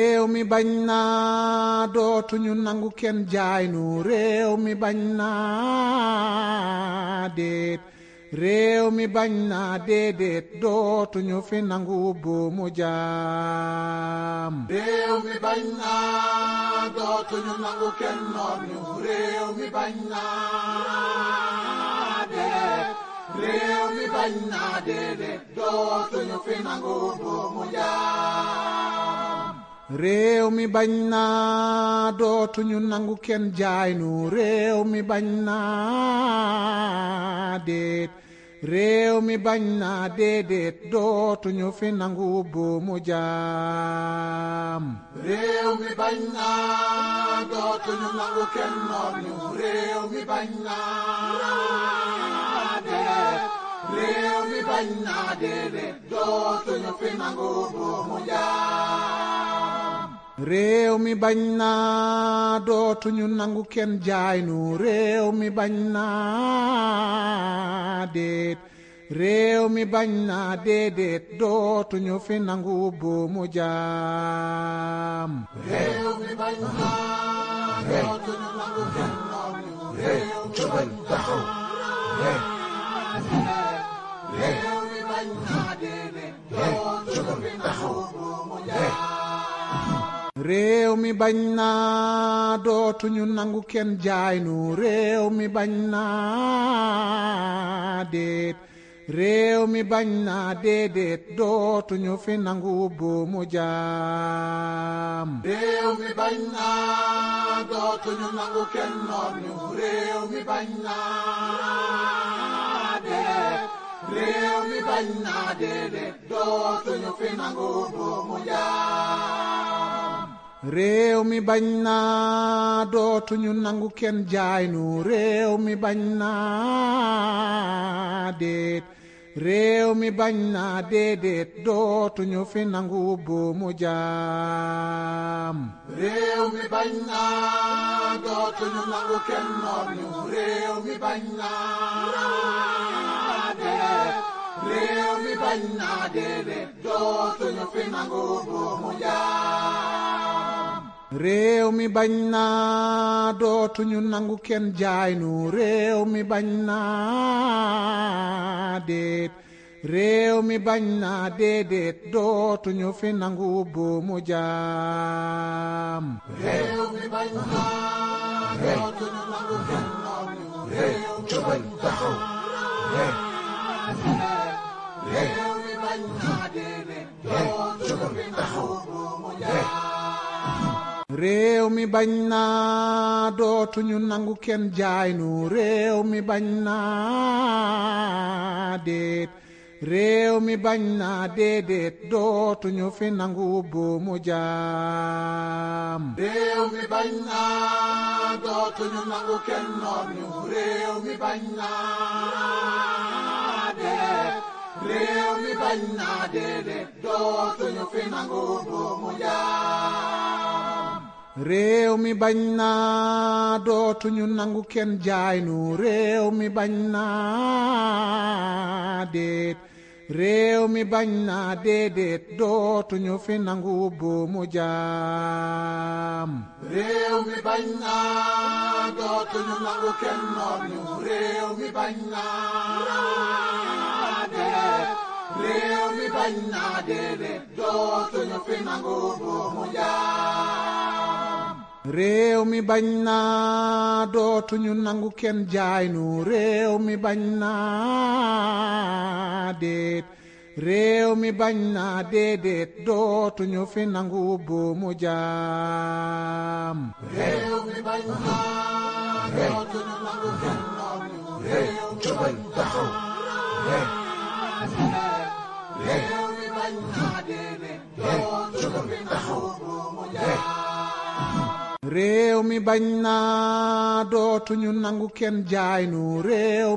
réew mi bañ na dootuñu nangu kenn jaay nu bañ naa déet mi bañ naa déedéet fi nangu dootuñu fi nangu buumu jaam réew mi bañ naa dootuñu nangu kenn jaay nu réew mi bañ naa déet réew mi bañ naa déedéet fi nangu buumu déet dootuñu fi nangu buumu jaam. réew mi bañ naa dootuñu nangu kenn jaay réew mi bañ naa réew mi bañ naa déedéet dootuñu fi nangu buumu jaam. jaam. réew mi bañ naa dootuñu nangu kenn jaay nu réew mi bañ naa déet réew mi bañ naa déedéet dootuñu fi nangu déet dootuñu fi nangu buumu jaam. réew mi bañ naa dootuñu nangu kenn jaay nu réew mi bañ naa déet réew mi bañ naa déedéet dootuñu fi nangu buumu jaam. réew mi bañ naa dootuñu nangu kenn noor réew mi bañ naa déet. réew mi bañ naa déedéet dootuñu fi nangu buumu jaam réew mi bañ naa dootuñu nangu kenn jaay réew mi bañ naa déet réew dootuñu fi nangu buumu jaam réew mi bañ naa diine dootul fi dootuñu nangu kenn jaay nu bañ naa déet bañ naa déedéet dootuñu fi nangu buumu jaam. réew mi bañ naa déedéet dootuñu fi nangu buumu jaam réew mi bañ naa dootuñu nangu kenn jaay réew mi bañ naa déet réew dootuñu fi nangu buumu jaam réew mi bañ naa dootuñu nangu kenn noor réew mi bañ naa réew mi bañ na déedéet dootuñu fi nangu buumu jaam réew mi bañ na dootuñu nangu kenn jaay réew mi bañ na déet réew dootuñu fi nangu buumu jaam réew mi bañ na diine dootul fi dootuñu nangu kenn jaay nu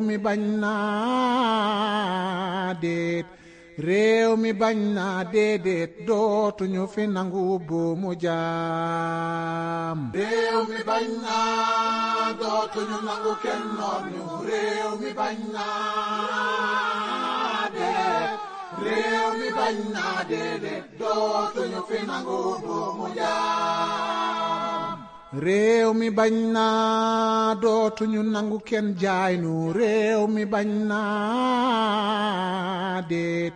mi bañ naa réew mi bañ naa déedéet dootuñu fi nangu buumu jaam. Rew mi bañ naa déedéet dootuñu fi nanguu doomu jaam. Rew mi bañ naa dootuñu nangu kenn jaaynu rew mi bañ naa déedéet.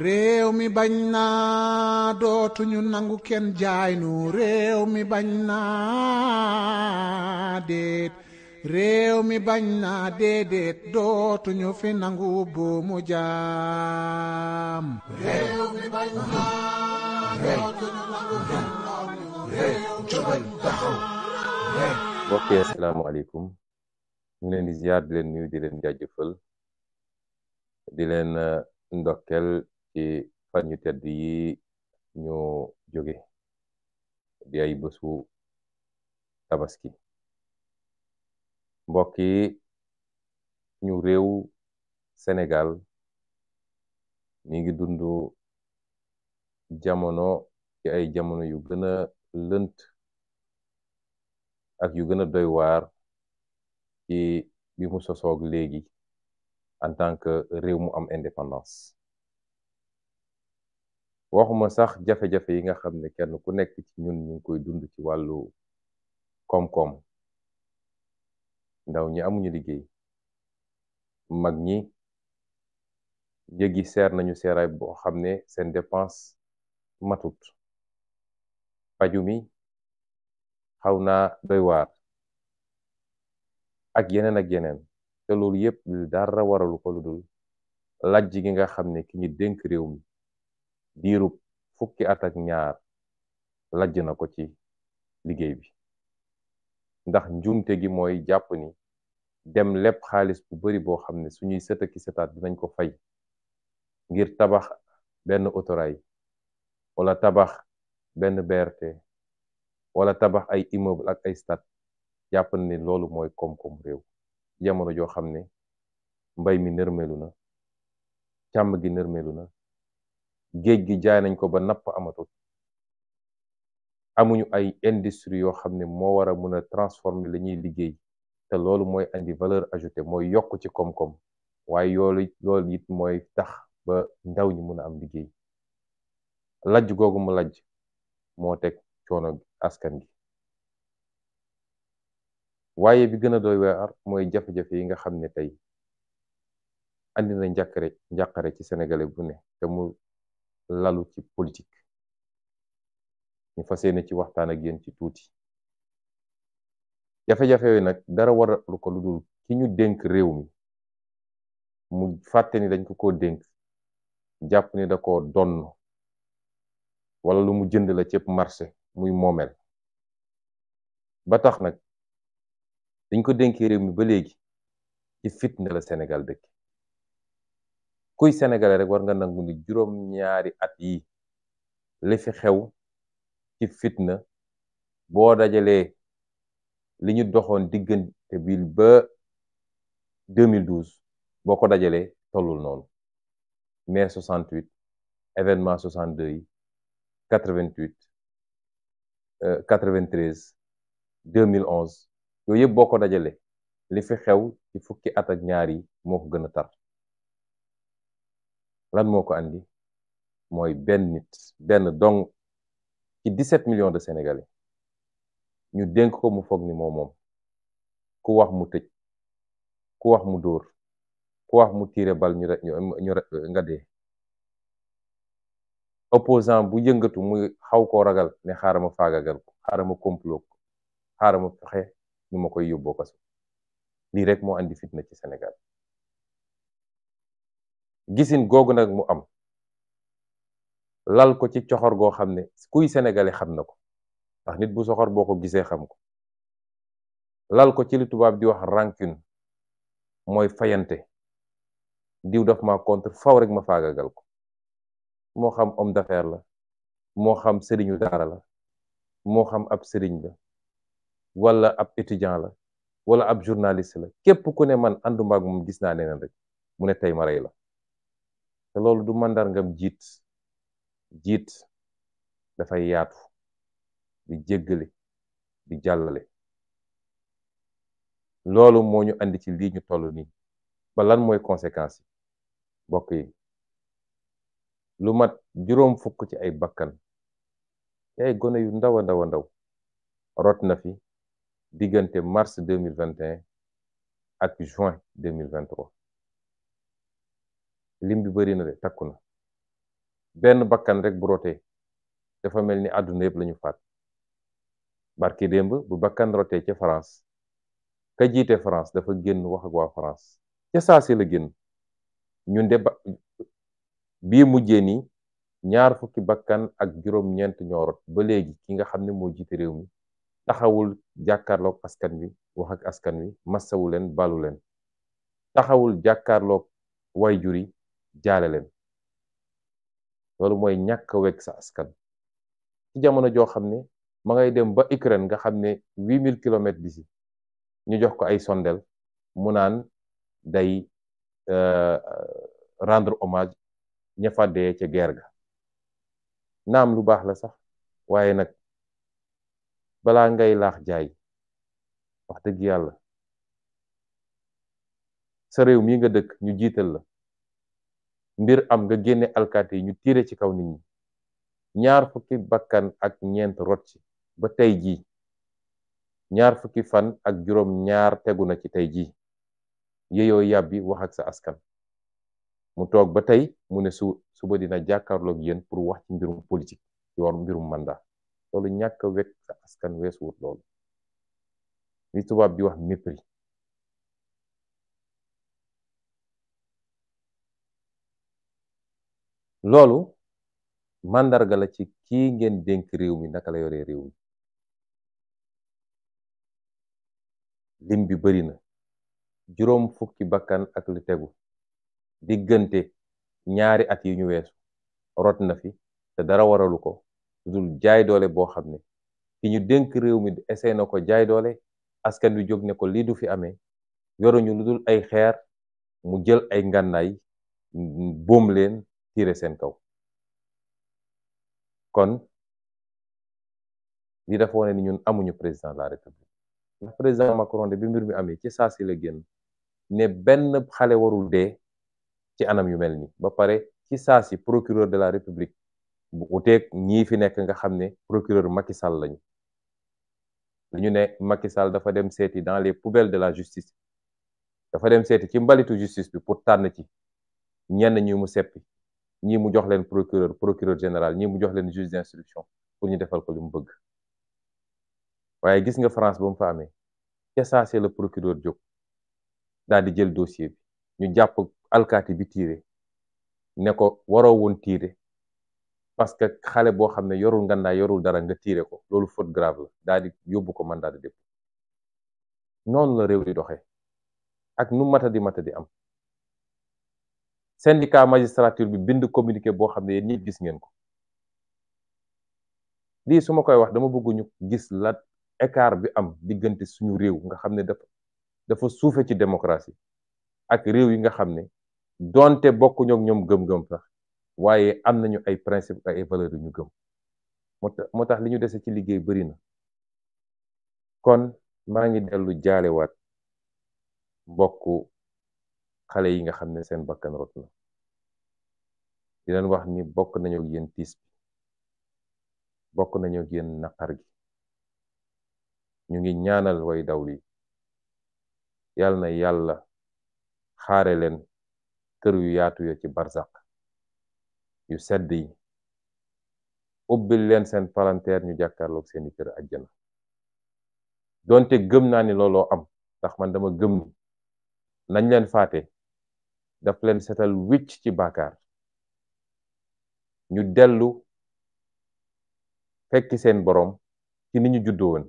Reo mi bañ naa dootuñu nangu kenn jaay nu Reo mi bañ naa déet réew mi bañ naa déedéet dootuñu fi nangu buumu jaam mi reo naa dootuñu nangu kenn noonu réew jubal taxaw mbokk yi asalaamaaleykum ñu leen di ziar di leen nuyu di leen jaajëfal di leen eh, ndokkeel ci fan yu tedd yi ñu jóge di ay bésu tabaski mbokk yi ñu réew Sénégal mi ngi dundu jamono ci ay jamono yu gën a lënt ak yu gën a doy waar ci bi mu sosoog léegi en tant que réew mu am indépendance waxuma sax jafe-jafe yi nga xam ne kenn ku nekk ci ñun ñu ngi koy dund ci wàllu koom-koom ndaw ñi amuñu liggéey mag ñi njëg yi seer nañu seeraay boo xam ne seen dépense matut paju mi xaw na doy waar ak yeneen ak yeneen te loolu yépp dara waralu ko lu dul lajj gi nga xam ne ki ñu dénk réew mi diirub fukki at ak ñaar lajj na ko ci liggéey bi ndax njuumte gi mooy jàpp ni dem lépp xaalis bu bari boo xam ne suñuy sët ki sëtaat dinañ ko fay ngir tabax benn autoraay wala tabax benn BRT wala tabax ay immeuble ak ay stat jàpp ni loolu mooy koom-koom réew jamono joo xam ne mbay mi nërmeelu na càmm gi nërmeelu na géej gi jaay nañ ko ba napp amatul amuñu ay industrie yoo xam ne moo war a mën a transformer la ñuy liggéey te loolu mooy andi valeur ajouté mooy yokk ci koom-koom waaye yool loolu it mooy tax ba ndaw ñi mën a am liggéey lajj googu mu laj moo teg coono askan gi waaye bi gën a doy waar mooy jafe-jafe yi nga xam ne tey andi na njàqare njàqare ci sénégalais bu ne te mu lalu ci politique ñu fa yéene ci waxtaan ak yéen ci tuuti jafe-jafe nag dara waralu ko lu dul ki ñu dénk réew mi mu fàtte ni dañ ko ko dénk jàpp ni da ko donn wala lu mu jënd la cëpp marché muy moomeel ba tax nag dañ ko dénkee réew mi ba léegi ci fitna la senegal dëkk kuy sénégalais rek war nga nangu ni juróom-ñaari at yi li fi xew ci fitna boo dajalee li ñu doxoon diggante bi ba 2012 boo ko dajalee tollul noonu mai 68 événement 62 yi 88 93 2011 yooyu yëpp boo ko dajalee li fi xew ci fukki at ak ñaar yi moo ko gën a tar. lan moo ko andi mooy benn nit benn dong ci 17 millions de sénégalais ñu dénk ko mu foog ni moom moom ku wax mu tëj ku wax mu dóor ku wax mu tiire bal ñu ñu nga opposant bu yëngatu muy xaw koo ragal ne xaaral ma faagagal ko xaaral ma complot ko xaaral ma koy yóbboo kaso lii rek moo andi fitna ci Sénégal gisin googu nag mu am lal ko ci coxor goo xam ne kuy sénégalais xam na ko ndax nit bu soxor boo ko gisee xam ko lal ko ci li tubaab di wax rancune mooy fayante diw daf ma contre faw rek ma gal ko moo xam homme d'affaires la moo xam sëriñu daara la moo xam ab sëriñ la wala ab étudiant la wala ab journaliste la képp ku ne man ànduma ak moom gis naa neneen rek mu ne tey ma rey la te loolu du màndargam jiit jiit dafay yaatu di jéggale di jàllale loolu moo ñu indi ci lii ñu toll nii ba mooy conséquence yi mbokk yi lu mat juróom fukk ci ay bakkan ci ay gone yu ndaw a ndaw a ndaw rot na fi diggante mars 2021 ak juin 2023 lim bi bëri na de takku na benn bakkan rek bu rotee dafa mel ni àdduna yëpp la ñu faat barki démb bu bakkan rotee ca France ka jiite France dafa génn wax ak waa France ca saa la génn ñun de ba bii mujjee nii ñaar fukki bakkan ak juróom-ñeent ñoo rot ba léegi ki nga xam ne moo jiite réew mi taxawul jàkkaarloog askan wi wax ak askan wi massawu leen balu leen taxawul jàkkaarloog way jur yi jaale leen loolu mooy ñàkk a sa askan ci jamono joo xam ne ma ngay dem ba Ukraine nga xam ne huit mille kilomètres d'ici ñu jox ko ay sondel mu naan day euh, rendre hommage ña fa dee ca guerre ga naam lu baax la sax waaye nag balaa ngay laax jaay wax dëgg yàlla sa réew mi nga dëkk ñu jiital la mbir am nga génné alkaté ñu tiré ci kaw nit ñi ñaar fukki bakkan ak ñent rot ci ba tay ji ñaar fukki fan ak juroom ñaar tegu na ci tay ji yeyo yabbi wax ak sa askan mu tok ba tay mu ne su suba dina jàkkaarloog yeen pour wax ci mbirum politique ci war mbirum mandat lolu sa askan wess wut lolu li tubaab bi wax mépris loolu màndarga la ci kii ngeen dénk réew mi naka la yoree réew mi lim bi bari na juróom fukki bakkan ak lu tegu diggante ñaari at yi ñu weesu rot na fi te dara waralu ko lu dul jaay doole boo xam ne ki ñu dénk réew mi essayé na ko jaay doole askan wi jóg ne ko lii du fi amee yoruñu lu dul ay xeer mu jël ay ngànnaay boom leen tiire seen kaw kon li dafa wane ni ñun amuñu président de la république président Macron de bi mbir mi amee ci saa si la génn ne benn xale warul dee ci anam yu mel nii ba pare ci saasi si procureur de la république bu uteeg ñii fi nekk nga xam ne procureur Macky Sall lañu lu ne Macky Sall dafa dem seeti dans les poubelles de la justice dafa dem seeti ci mbalitu justice bi pour tànn ci ñenn ñu mu seppi ñii mu jox leen procureur procureur général ñi mu jox leen juge d'instruction pour ñu defal ko li mu bëgg waaye gis nga France ba mu fa amee ca saase la procureur jóg daal di jël dossier bi ñu jàpp alkaati bi tiire ne ko waroo woon tiire parce que xale boo xam ne yorul ngandaay yorul dara nga tiire ko loolu foot grave la daal yóbbu ko mandat de dépôt noonu la réew di doxe ak nu mata di mata di am syndicat magistrature bi bind communiqué boo xam ne ni gis ngeen ko lii su ma koy wax dama bëgg ñu gis la écart bi am diggante suñu réew nga xam ne dafa dafa suufe ci démocratie ak réew yi nga xam ne donte bokkuñu ñoom gëm-gëm sax waaye am nañu ay principe ay valeurs yu ñu gëm moo tax li ñu desee ci liggéey bari na kon maa ngi dellu jaalewaat mbokku xalé yi nga xamné seen bakkan rot na di leen wax ni bok nañu ak yeen tiis bi bok nañu ak yeen naqar gi ñu ngi ñaanal way daw na yalla, xare len yu yaatu ya ci barzak yu sedd yi ubbil len seen palanteer ñu ak seen kër aljana donte gëm na ni lolo am tax man dama gëm ni nañ len faté daf leen setal wicc ci bakar ñu dellu fekki seen borom ci ni ñu juddoo woon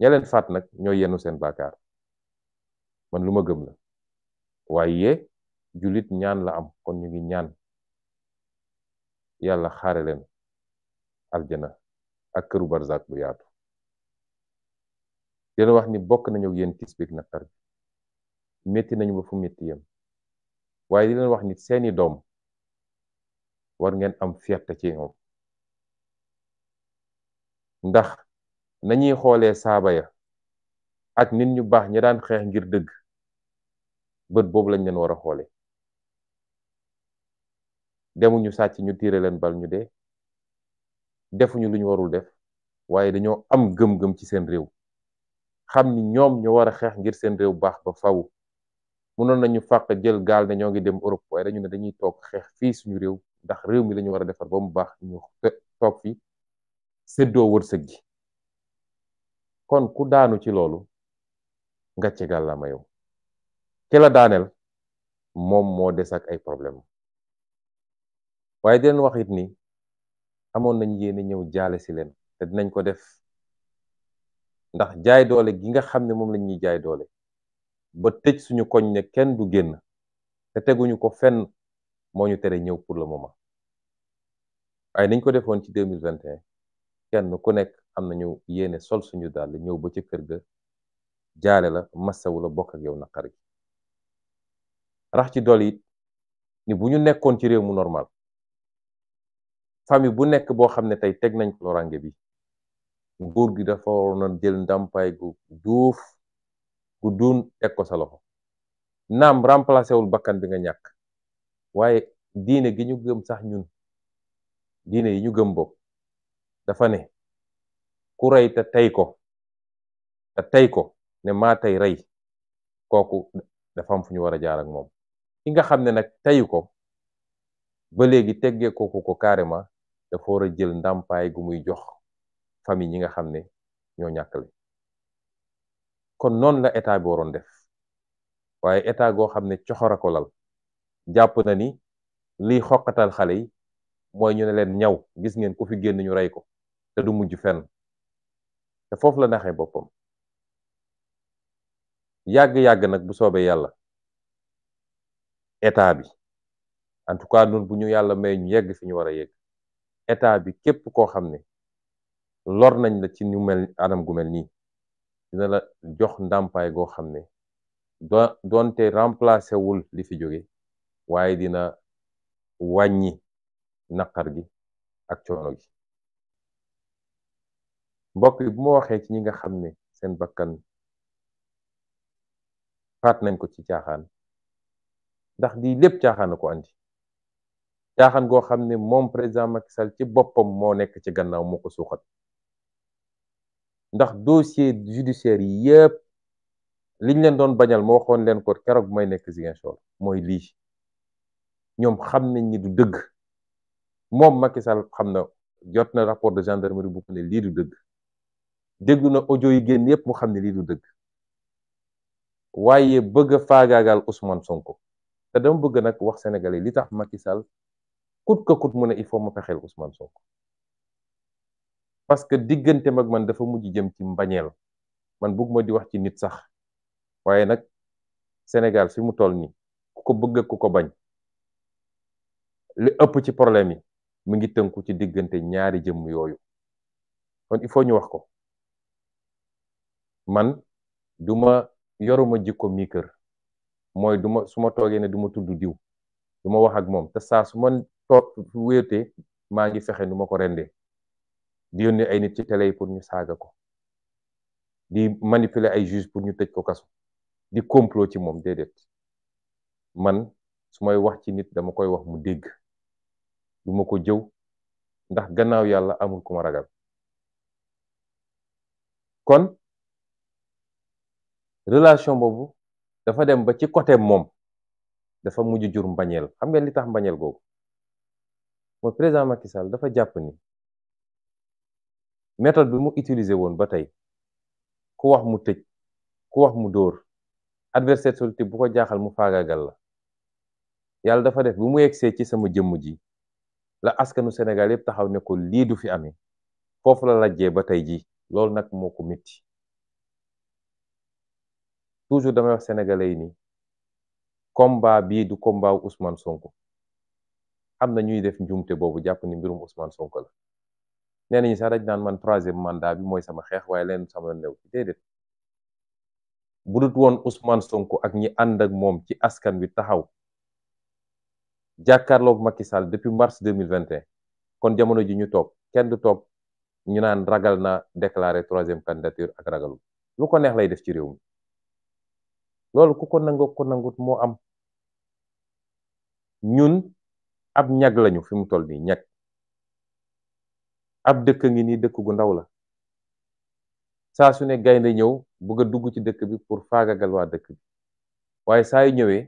ña leen faat nag yenu seen bakar man luma gëm la waye julit ñaan la am kon ñu ngi ñaan yalla xare leen aljana ak keru barzak bu yaatu dina wax ni bok nañu yeen tisbik tiis bi nañu ba fu metti waaye di leen wax ni seeni doom war ngeen am fierté ci ñoom ndax nañuy xoolee saaba ya ak nit ñu baax ñi daan xeex ngir dëgg bët boobu lañ leen war a xoole demuñu sàcc ñu tiire leen bal ñu dee defuñu lu ñu warul def waaye dañoo am gëm-gëm ci seen réew xam ni ñoom ñu war a xeex ngir seen réew baax ba faw mënoon ñu fàq jël gaal ne ñoo ngi dem Europe waaye dañu ne dañuy toog xeex fii suñu réew ndax réew mi la ñu war a defar ba baax ñu toog fi séddoo wërsëg gi kon ku daanu ci loolu ngàcce gàllaama yow ki la daaneel moom moo des ay problème waaye den wax it ni amoon nañ yéene ñëw jaale si leen te dinañ ko def ndax jaay doole gi nga xam ne moom lañ ñuy jaay doole ba tëj suñu koñ ne kenn du génn te teguñu ko fenn moo ñu tere ñëw pour le moment waaye niñ ko defoon ci 2021 kenn ku nekk am na ñu yéene sol suñu dàll ñëw ba ci kër ga jaale la massawu la bokk ak yow naqar gi rax ci dolli it ni bu ñu nekkoon ci réew mu normal famille bu nekk boo xam ne tey teg nañ ko lorange bi nguur gi dafa waroon a jël ndàmpaay gu duuf ku duun teg ko sa loxo naam remplacé wul bakkan bi nga ñàkk waaye diine gi ñu gëm sax ñun diine yi ñu gëm bokk dafa ne ku rey te tey ko te tey ko ne maa tey rey kooku dafa am fu ñu war a jaar ak nga xam ne nag tey ko ba léegi teggee kooku ko carrément dafa war a jël ndàmpaay gu muy jox famille ñi nga xam ne ñoo ñàkkale kon noonu la état bi waroon def waaye état goo xam ne coxora ko lal jàpp na ni liy xoqatal xale yi mooy ñu ne leen ñaw gis ngeen ku fi génn ñu rey ko te du mujj fen te foofu la naxe boppam yàgg-yàgg nag bu soobee yàlla état bi en tout cas nun bu ñu yàlla may ñu yegg fi ñu war a yegg état bi képp koo xam ne lor nañ la ci ñu mel anam gu mel nii dina la jox ndàmpaay goo xam ne do doonte remplacé wul li fi jóge waaye dina wàññi naqar gi ak coono gi mbokk yi bu ma waxee ci ñi nga xam ne seen bakkan faat nañ ko ci caaxaan ndax di lépp caaxaan na ko andi caaxaan goo xam ne moom président Macky Sall ci boppam moo nekk ci gannaaw moo suukat ndax dossier judiciaire yi yëpp liñ leen doon bañal ma waxoon leen ko keroog may nekk Ziguinchor mooy lii ñoom xam nañ ni du dëgg moom Macky Sall xam na jot na rapport de gendarmerie bu ko ne lii du dëgg déggu na audio yi génn yëpp mu xam ne lii du dëgg waaye bëgg a faagaagal Ousmane Sonko te dama bëgg nag wax sénégalais li tax Macky Sall coûte que mu ne il faut ma fexeel Ousmane Sonko. parce que diggante mag man dafa mujj jëm ci mbagnel man bëgguma di wax ci nit sax waaye nak Sénégal fi mu toll ni ku bëgg ku ko bañ li ëpp ci problème yi mu ngi tënku ci digënté ñaari jëm yoyu kon il faut ñu wax ko man duma yoruma jikko mi kër moy duma suma ma né duma tuddu diw duma wax ak mom té sa su ma toog wéetee ngi fexé ko rendé di yónnee ay nit ci télé yi pour ñu saaga ko di manipuler ay juge pour ñu tëj ko kaso di complot ci moom déedéet man su may wax ci nit dama koy wax mu dégg duma ko jëw ndax gannaaw yàlla amul ku ma ragal kon relation boobu dafa dem ba ci côté moom dafa mujj jur mbañeel xam nga li tax mbañeel googu mooy président Macky Sall dafa jàpp ni méthode bi mu utiliser woon ba tey ku wax mu tëj ku wax mu dóor adversaire bu ko jaaxal mu faagaagal la yàlla dafa def bi mu yegsee ci sama jëmm ji la askanu senegal yëpp taxaw ne ko lii du fi amee foofu la lajjee ba tey ji loolu nag moo ko métti toujours damay wax sénégalais yi nii bii du combat wu Ousmane Sonko am na ñuy def njuumte boobu jàpp ni mbirum Ousmane Sonko la. nee nañu sax dañ naan man troisième mandat bi mooy sama xeex waaye leen sama new ci woon Ousmane Sonko ak ñi ànd ak moom ci askan wi taxaw jàkkaarloog Macky Sall depuis mars 2021 kon jamono ji ñu toog kenn du toog ñu naan ragal na déclarer troisième candidature ak ragalu lu ko neex lay def ci réew mi loolu ku ko nangoo ko nangut moo am ñun ab ñag lañu fi mu toll nii ñag ab dëkk ngi nii dëkk gu ndaw la saa su ne gaynde ñëw bëgg a dugg ci dëkk bi pour faagagal waa dëkk bi waaye saa ñëwee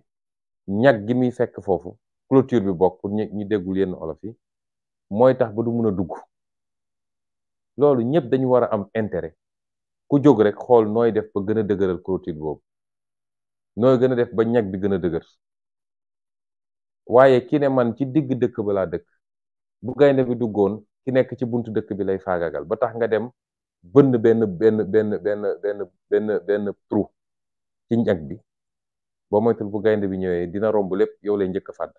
ñag gi muy fekk foofu clôture bi bokk pour ñu déggul yenn olof yi mooy tax ba du mun a dugg loolu ñëpp dañu war a am intérêt ku jóg rek xool nooy def ba gën a dëgëral clôture boobu nooy gën a def ba ñag bi gën a dëgër waaye ki ne man ci digg dëkk ba laa dëkk bu gaynde bi duggoon ki nekk ci buntu dëkk bi lay faagagal ba tax nga dem bënn benn benn benn benn benn benn benn trou ci ñag bi boo moytul bu gaynde bi ñëwee dina romb lépp yow lay njëkk a fàdd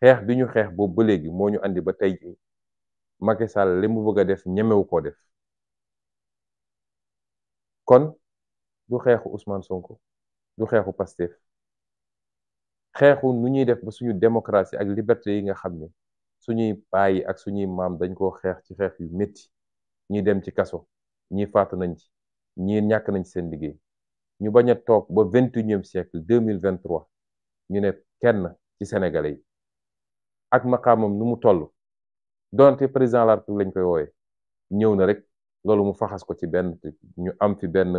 xeex bi ñu xeex boobu ba léegi moo ñu andi ba tey ji Macky Sall li mu bëgg a def ñemewu koo def kon du xeexu Ousmane Sonko du xeexu Pastef xeexu nu ñuy def ba suñu démocratie ak liberté yi nga xam ne suñuy bàyyi ak suñuy maam dañ koo xeex ci xeex yu métti ñi dem ci kaso ñi faatu nañ ci ñi ñàkk nañ ci seen liggéey ñu bañ a toog ba vingt et unième siècle mille vingt ñu ne kenn ci sénégalais yi ak maqaamam nu mu toll doonte président la République lañ koy wooye ñëw na rek loolu mu faxas ko ci benn ñu am fi benn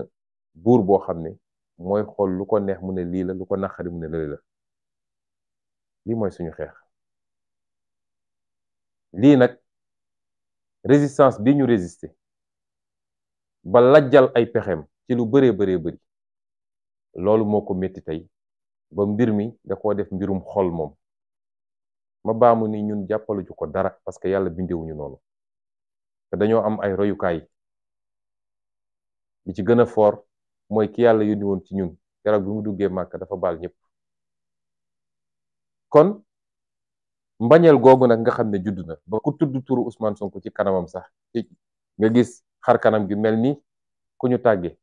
buur boo xam ne mooy xool lu ko neex mu ne lii la lu ko naqari mu ne lële la lii mooy suñu xeex lii nag résistance bi ñu résister ba lajjal ay pexeem ci lu bëree bëree bari loolu moo ko métti tey ba mbir mi da koo def mbirum xol moom ma baamu ni ñun jàppaluñu ko dara parce que yàlla bindewuñu noonu te dañoo am ay royukaay bi ci gën a fort mooy ki yàlla yónni woon ci ñun keroog bi mu duggee màkk dafa baal ñëpp kon mbañeel googu nag nga xam ne judd na ba ku tudd turu Ousmane Sonko ci kanamam sax nga gis xar kanam gi mel ni ku ñu tàggee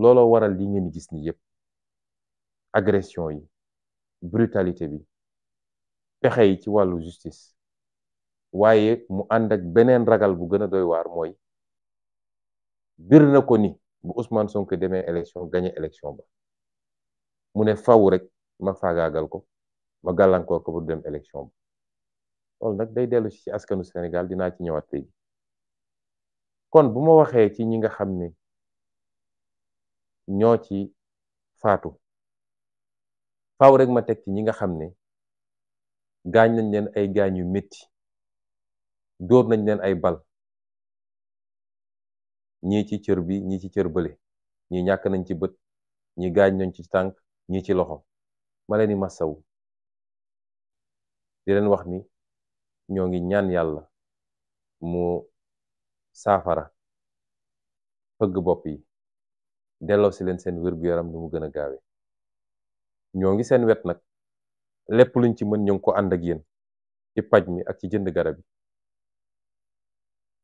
looloo waral li ngeen gis ni yépp agression yi brutalité bi pexe yi ci wàllu justice waaye mu ànd beneen ragal bu gën a doy waar mooy bir na ko ni bu Ousmane Sonko demee élection gagné élection ba mu ne faw rek ma faagaagal ko ma gàllankoor ko bu dem élection bi loolu nag day dellu ci askanu senegal dinaa ci ñëwaat tey kon bu ma waxee ci ñi nga xam ne ñoo ci faatu faaw rek ma teg ci ñi nga xam ne gaañ nañ leen ay gaañ yu métti dóor nañ leen ay bal ñii ci cër bi ñi ci cër bële ñii ñàkk nañ ci bët ñi gaañ nañ ci tànk ñii ci loxo maleni leen di masaw di len wax ni ñoo ngi ñaan yalla mu safara fëgg bop yi delo ci len sen wër gu yaram nu mu gëna gaawé gaawe ñoo ngi seen wet nag luñ ci mën ñu ko and ak yeen ci paj mi ak ci jënd garab yi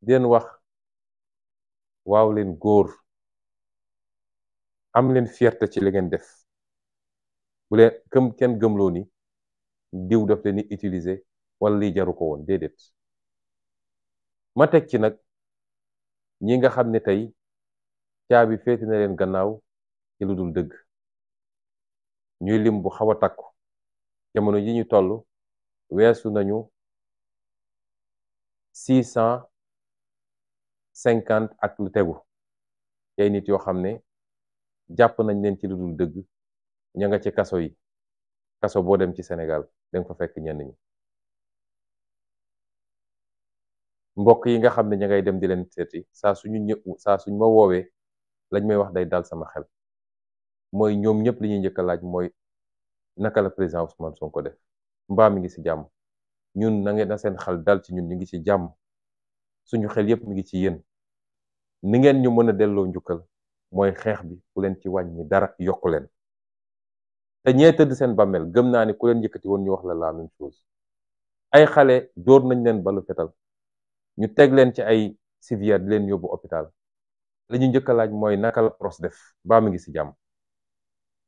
di wax waaw len góor am len fierté ci li ngeen def bu leen këm kenn gëmloo ni diw daf leen di utiliser wala li jaru ko woon déedéet ma teg ci nag ñi nga xam ne tey caabi féete na leen gannaaw ci lu dul dëgg ñuy lim bu xaw a takku jamono ji ñu toll weesu nañu six cent cinquante ak lu tegu ay nit yoo xam ne jàpp nañ leen ci lu dul dëgg ña nga ci kaso yi kaso boo dem ci Sénégal danga fa fekk ñenn ñi mbokk yi nga xam ne ña ngay dem di leen seeti saa suñu ñë saa suñ ma woowee lañ may wax day daal sama xel mooy ñoom ñëpp li ñuy njëkk a laaj mooy naka la président Ousmane ko def mbaa mi ngi ci jàmm ñun na ngeen na seen xal dal ci ñun ñu ngi ci jàmm suñu xel yëpp mi ngi ci yéen ni ngeen ñu mën a delloo njukkal mooy xeex bi ku leen ci wàññi dara yokk leen te ñee tëdd seen bameel gëm naa ni ku leen yëkkati woon ñu wax la la même chose ay xale dóor nañ leen balu fetal ñu teg leen ci ay civière di leen yóbbu hôpital li ñu njëkk a laaj mooy naka la pros def baa mi ngi si jàmm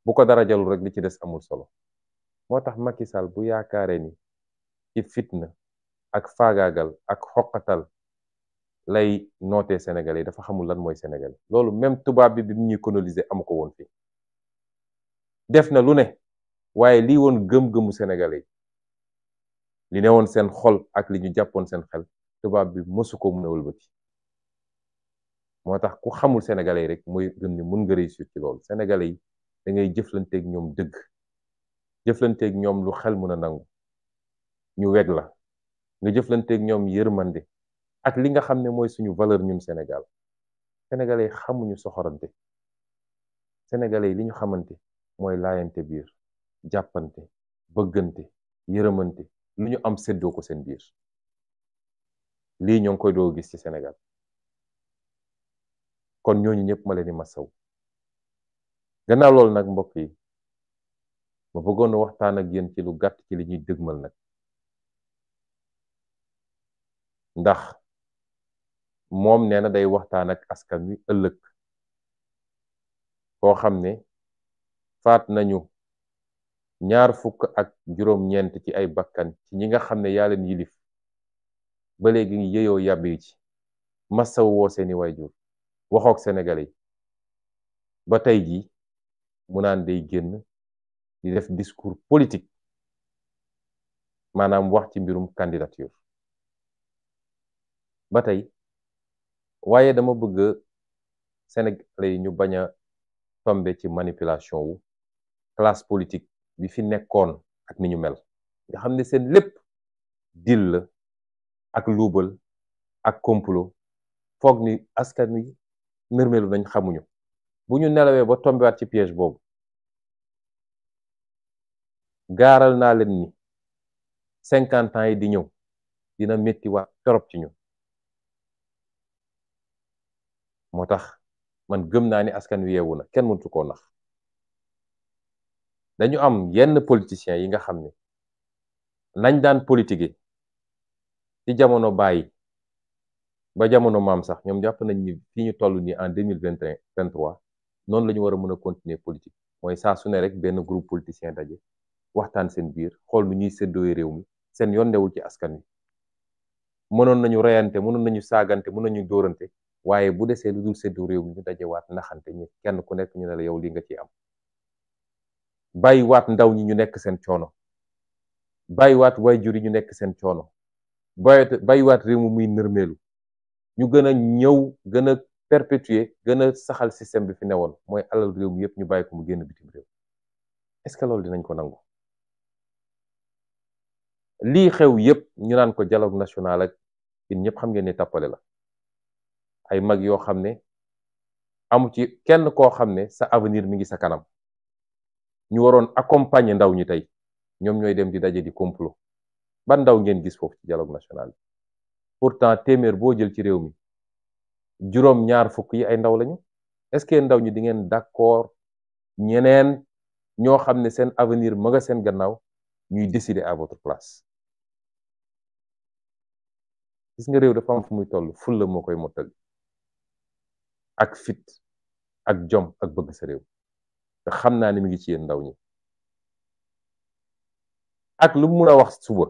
bu ko dara jalul rek li ci des amul solo moo tax Macky Sall bu yaakaaree ni ci fitna ak faagaagal ak xoqatal lay nootee Sénégalais dafa xamul lan mooy Sénégalais loolu même tubaab bi bi ñuy coloniser amu ko woon fii def na lu ne waaye lii woon gëm-gëmu Sénégalais yi li ne woon seen xol ak li ñu jàppoon seen xel tubaab bi mësu ko mun a wëlbati moo tax ku xamul Sénégalais yi rek mooy gëm ni mun nga réussir ci loolu Sénégalais yi dangay ngay jëflanteeg ñoom dëgg jëflanteeg ñoom lu xel mun a nangu ñu weg la nga jëflanteeg ñoom yërmande ak li nga xam ne mooy suñu valeur ñun Sénégal sénégalais yi xamuñu soxorante sénégalais yi li ñu xamante mooy laayante biir jàppante bëggante yërëmante lu ñu am seddoo ko seen biir lii ñoo ngi koy doo gis ci Sénégal kon ñooñu ñëpp ma leen di masaw gannaaw loolu nag mbokk yi ma bëggoon waxtaan ak yéen ci lu gàtt ci li ñuy dëgmal nag ndax moom nee na day waxtaan ak askan wi ëllëg koo xam ne faat nañu ñaar fukk ak juróom-ñeent ci ay bakkan ci ñi nga xam ne yaa leen yilif ba léegi ngi yeyoo ci massaw woo seeni waajur waxook Sénégalais yi ba tey ji mu naan day génn di def discours politique maanaam wax ci mbirum candidature ba tey waaye dama bëgg Sénégalais ñu bañ a tombe ci manipulation wu classe politique bi fi nekkoon ak ni ñu mel nga xam ne seen lépp dil la ak luubal ak complot foog ni askan wi mërmelu nañ xamuñu bu ñu nelawee ba tombewaat ci piège boobu gaaral naa leen ni cinquante ans yi di ñëw dina métti waa torop ci ñu moo tax man gëm naa ni askan wi yeewu na kenn mëntu koo nax dañu am yenn politiciens yi nga xam ne nañ daan politique ci jamono bàyyi ba jamono maam sax ñoom jàpp nañ ni fi ñu toll nii en deux mille vingt et un vingt trois noonu la ñu war mën a continuer politique mooy saa su ne rek benn groupe politicien daje waxtaan seen biir xool nu ñuy séddooy réew mi seen yoon newul ci askan wi mënoon nañu reyante mënoon nañu saagante mënoon nañu dóorante waaye bu desee lu dul séddoo réew mi ñu dajewaat naxante ñu kenn ku nekk ñu ne la yow li nga ciy am. bàyyiwaat ndaw ñi ñu nekk seen coono bàyyiwaat waajur yi ñu nekk seen coono bàyyiwaat réew mi muy nërmeelu ñu gën a ñëw gën a perpétuer gën a saxal système bi fi woon mooy alal réew mi yëpp ñu bàyyi ko mu génn bitim réew est-ce que loolu dinañ ko nangu lii xew yëpp ñu naan ko dialogue national ak in ñëpp xam ngeen ne tappale la ay mag yoo xam ne amu ci kenn koo xam ne sa avenir mi ngi sa kanam ñu waroon accompagner ndaw ñi tey ñoom ñooy dem di daje di complot ban ndaw ngeen gis foofu ci dialogue national bi pourtant téeméer boo jël ci réew mi juróom ñaar fukk yi ay ndaw lañu est-ce que ndaw ñi di ngeen d'accord ñeneen ñoo xam ne seen avenir ma seen gannaaw ñuy décider à votre place gis nga réew dafa am fu muy toll fulla moo koy mottali ak fit ak jom ak bëgg sa réew xam naa ne mi ngi ci yéen ndaw ñi ak lu mun a wax suba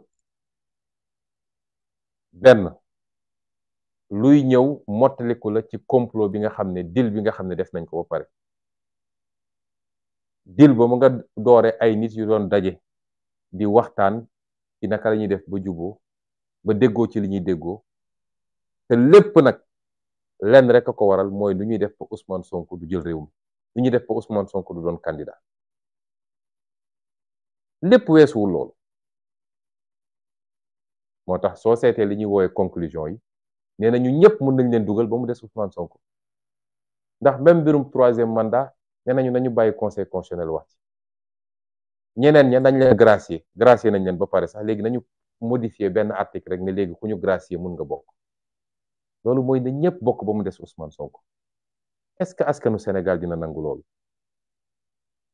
benn luy ñëw mottaliku la ci complot bi nga xam ne deal bi nga xam ne def nañ ko ba pare dil ba mu nga doore ay nit yu doon daje di waxtaan ci naka la ñuy def ba juboo ba déggoo ci li ñuy déggoo te lépp nag lenn rek a ko waral mooy lu ñuy def ba Ousmane Sonko du jël réew mi lu ñu def ba Ousmane sonk du doon candidat lépp weesuwul loolu moo tax soo seetee li ñuy woowee conclusion yi nee na ñu ñëpp mën nañ leen dugal ba mu des Ousmane Sonko ndax même mbirum troisième mandat nee nañu nañu bàyyi conseil constitutionnel wax ci ñeneen ña nañ leen gracier gracier nañ leen ba pare sax léegi nañu modifier benn article rek ne léegi ku ñu gracier mun nga bokk loolu mooy ne ñëpp bokk ba mu des Ousmane Sonko. est-ce que askanu Sénégal dina nangu loolu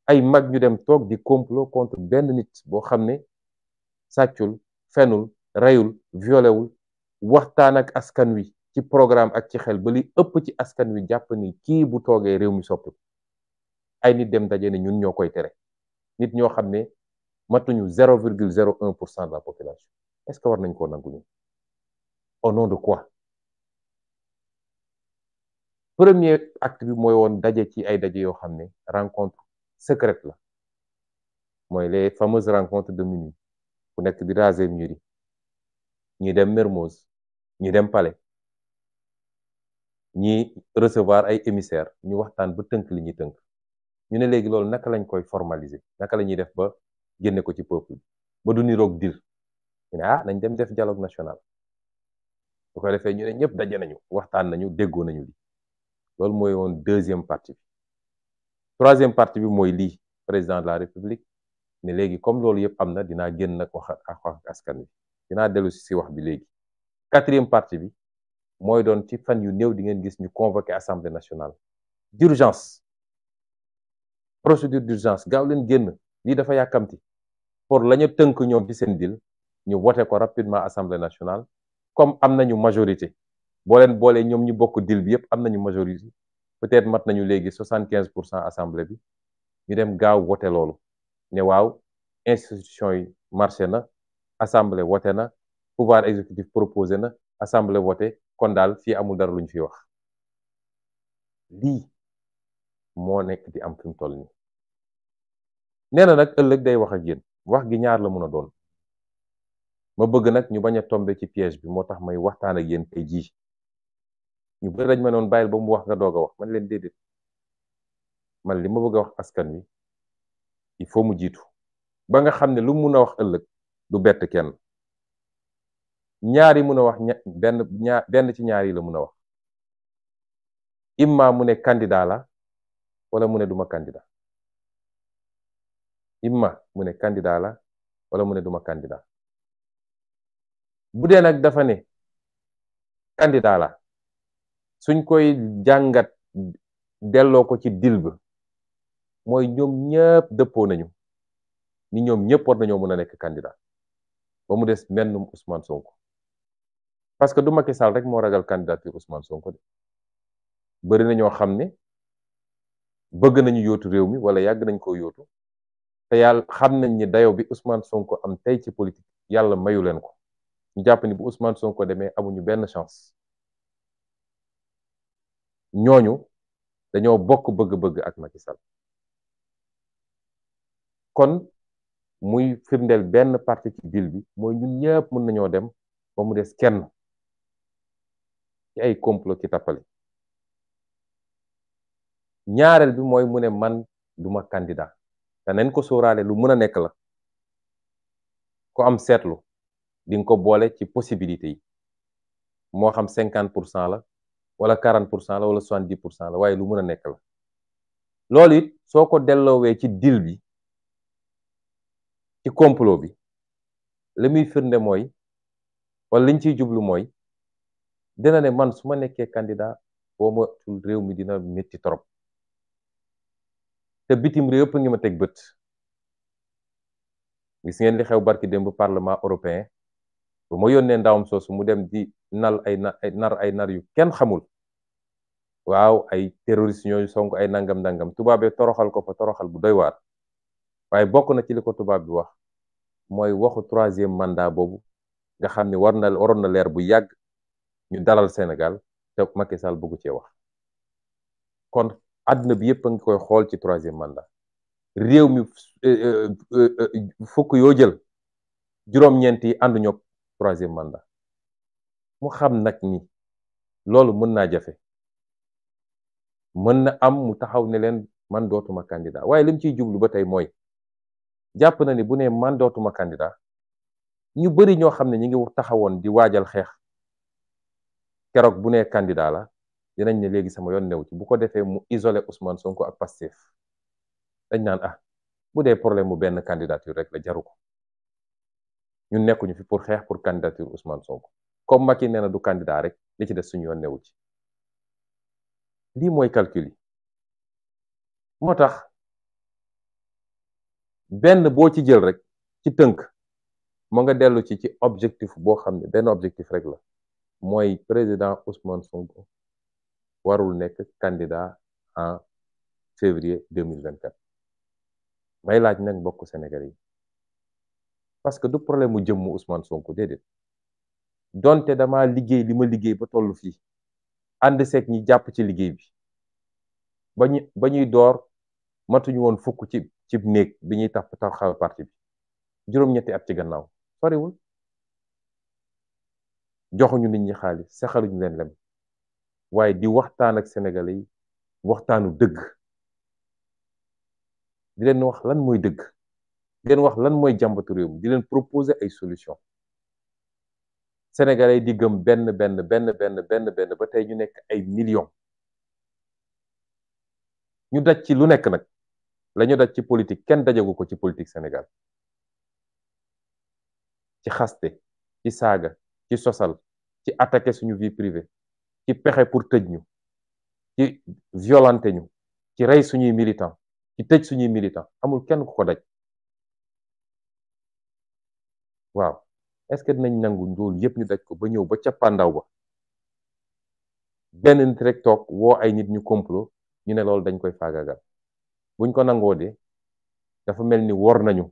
ay mag ñu dem toog di complot contre benn nit boo xam ne sàccul fenul reyul violewul waxtaan ak askan wi ci programme ak ci xel ba li ëpp ci askan wi jàpp ni kii bu toogee réew mi soppi ay nit dem daje ne ñun ñoo koy tere nit ñoo xam ne matuñu zéro virgule zéro un pour cent de la population est-ce que war nañ koo nangu ñu au de quoi premier acte bi moy won dajé ci ay dajé yo xamné rencontre secrète la moy les fameuses rencontres de minuit ku nek di raser mur yi ñi dem Mermoz ñi dem Palais ñi recevoir ay émissaires ñu waxtaan ba teunk li ñi teunk ñu ne légui lool nak lañ koy formaliser nak lañ ñuy def ba génné ko ci peuple ba du rok dir ina ah, nañ dem def dialogue national bu ko defee ñu né ñëpp dajé nañu waxtaan nañu déggo nañu li loolu mooy woon deuxième partie bi troisième partie bi mooy lii président de la république ne léegi comme loolu yëpp am na dinaa génn nag wax ak wax askan wi dinaa dellu si wax bi léegi quatrième partie bi mooy doon ci fan yu néew di ngeen gis ñu convoqué assemblée nationale d'urgence procédure d'urgence gaaw leen génn lii dafa yàkkamti pour la ñu tënk ñoom ci seen dil ñu voté ko rapidement assemblée nationale comme am nañu majorité boo leen boolee ñoom ñu bokk dil bi yëpp am nañu majorité peut-être mat nañu léegi soixante quinze pour cent assemblée bi ñu dem gaaw wote loolu ne waaw institution yi marché na assemblée wote na pouvoir exécutif proposé na assemblée wote kon daal fii amul dara lu ñu fi wax lii moo nekk di am fi mu toll nii nee na nag ëllëg day wax ak yéen wax gi ñaar la mun a doon ma bëgg nag ñu bañ a tombe ci piège bi moo tax may waxtaan ak yéen tey jii ñu bëri dañ ma noon bàyyil ba mu wax nga doog wax man leen déedéet man li ma bëgg wax askan wi il faut mu jiitu ba nga xam ne lu mun a wax ëllëg du bett kenn ñaari mun a wax ña benn ci ñaar la mun a wax imma mu ne candidat la wala mu ne duma candidat imma mu ne candidat la wala mu ne duma candidat bu dee dafa ne kandidala suñ koy jàngat delloo ko ci dil mooy ñoom ñëpp dëppoo nañu ni ñoom ñëpp war nañoo mën a nekk candidat ba mu des mennum Ousmane Sonko parce que du Macky Sall rek moo ragal candidature Ousmane Sonko de bëri na ñoo xam ne bëgg nañu yootu réew mi wala yàgg nañ ko yóotu te yàlla xam nañ ni dayo bi Ousmane Sonko am tey ci politique yàlla mayu leen ko ñu jàpp ni bu Ousmane Sonko demee amuñu benn chance ñooñu dañoo bokk bëgg-bëgg ak Macky Sall kon muy firndeel benn parti ci bil bi mooy ñun ñëpp mën nañoo dem ba mu des kenn ci ay complot ki tappale ñaareel bi mooy mu ne man duma candidat te nañ ko sóoraale lu mën a nekk la ko am seetlu di nga ko boole ci possibilité yi moo xam 50% pour cent la wala 40 pour cent la wala 70 pour cent la waaye lu mën a nekk la loolu it soo ko delloowee ci deal bi ci complot bi la muy firnde mooy wala liñ ciy jublu mooy dena ne man suma nekkee candidat boo ma tul réew mi dina métti trop te bitim réew yëpp ngi ma teg bët si ngeen li xew barki démb parlement européen ba ma yónnee ndawam soosu mu dem di nal ay nar ay nar yu kenn xamul waaw ay terroriste ñooñu sonk ay nangam nangam tubaabee toroxal ko fa toroxal bu doy waar waaye bokk na ci liko tubaab bi wax mooy waxu troisième mandat boobu nga xam ni war na waroon na leer bu yàgg ñu dalal Sénégal te Macky Sall bëggu cee wax kon àdduna bi yëpp a ngi koy xool ci troisième mandat réew mi euh, euh, euh, fukk yoo jël juróom-ñeent yi ànduñoo troisième mandat mu xam nak ni loolu mën na jafé mën na am mu taxaw ne len man dotuma candidat waye lim ciy djublu batay moy japp na ni bu ne man dotuma candidat ñu bari ño xamne ñi ngi taxawon di wajal xex kérok bu ne candidat la dinañ ne léegi sama yon new ci bu ko defee mu isoler Ousmane Sonko ak Pastef dañ nan ah bu dé problème mu ben candidature rek la jaruko ñun nekkuñu fi pour xeex pour candidature Ousmane Sonko comme Macky nee na du candidat rek li ci des suñu yoon newu ci lii mooy calcul yi moo tax benn boo ci jël rek ci tënk mu nga dellu ci ci objectif boo xam ne benn objectif rek la mooy président Ousmane Sonko warul nekk candidat en février may laaj nag bokk Sénégalais yi parce que du problème mu jëmmu Ousmane Sonko déedéet donte dama liggéey li ma liggéey ba tollu fii ànd seeg ñi jàpp ci liggéey bi ba ñu ba ñuy door matuñu woon fukk ci cib néeg bi ñuy tax taxawal parti bi juróom-ñetti at ci gannaaw soriwul joxuñu nit ñi xaalis saxaluñu leen lem waaye di waxtaan ak sénégalais yi waxtaanu dëgg di leen wax lan mooy dëgg. ngeen wax lan mooy jàmbatu di proposer ay solution Sénégalais di gëm benn millions ñu daj ci lu nekk nag la ñu ci politique ko politique Sénégal ci xaste ci saaga ci sosal ci suñu vie privée ci pour tëj ñu ci ñu ci militants ci tëj suñuy militants amul daj waaw est-ce que nañ nangu loolu yëpp ñu daj ko ba ñëw ba cappaandaw ba benn nit rek toog woo ay nit ñu complot ñu ne loolu dañ koy faagagal buñ ko nangoo de dafa mel ni wor nañu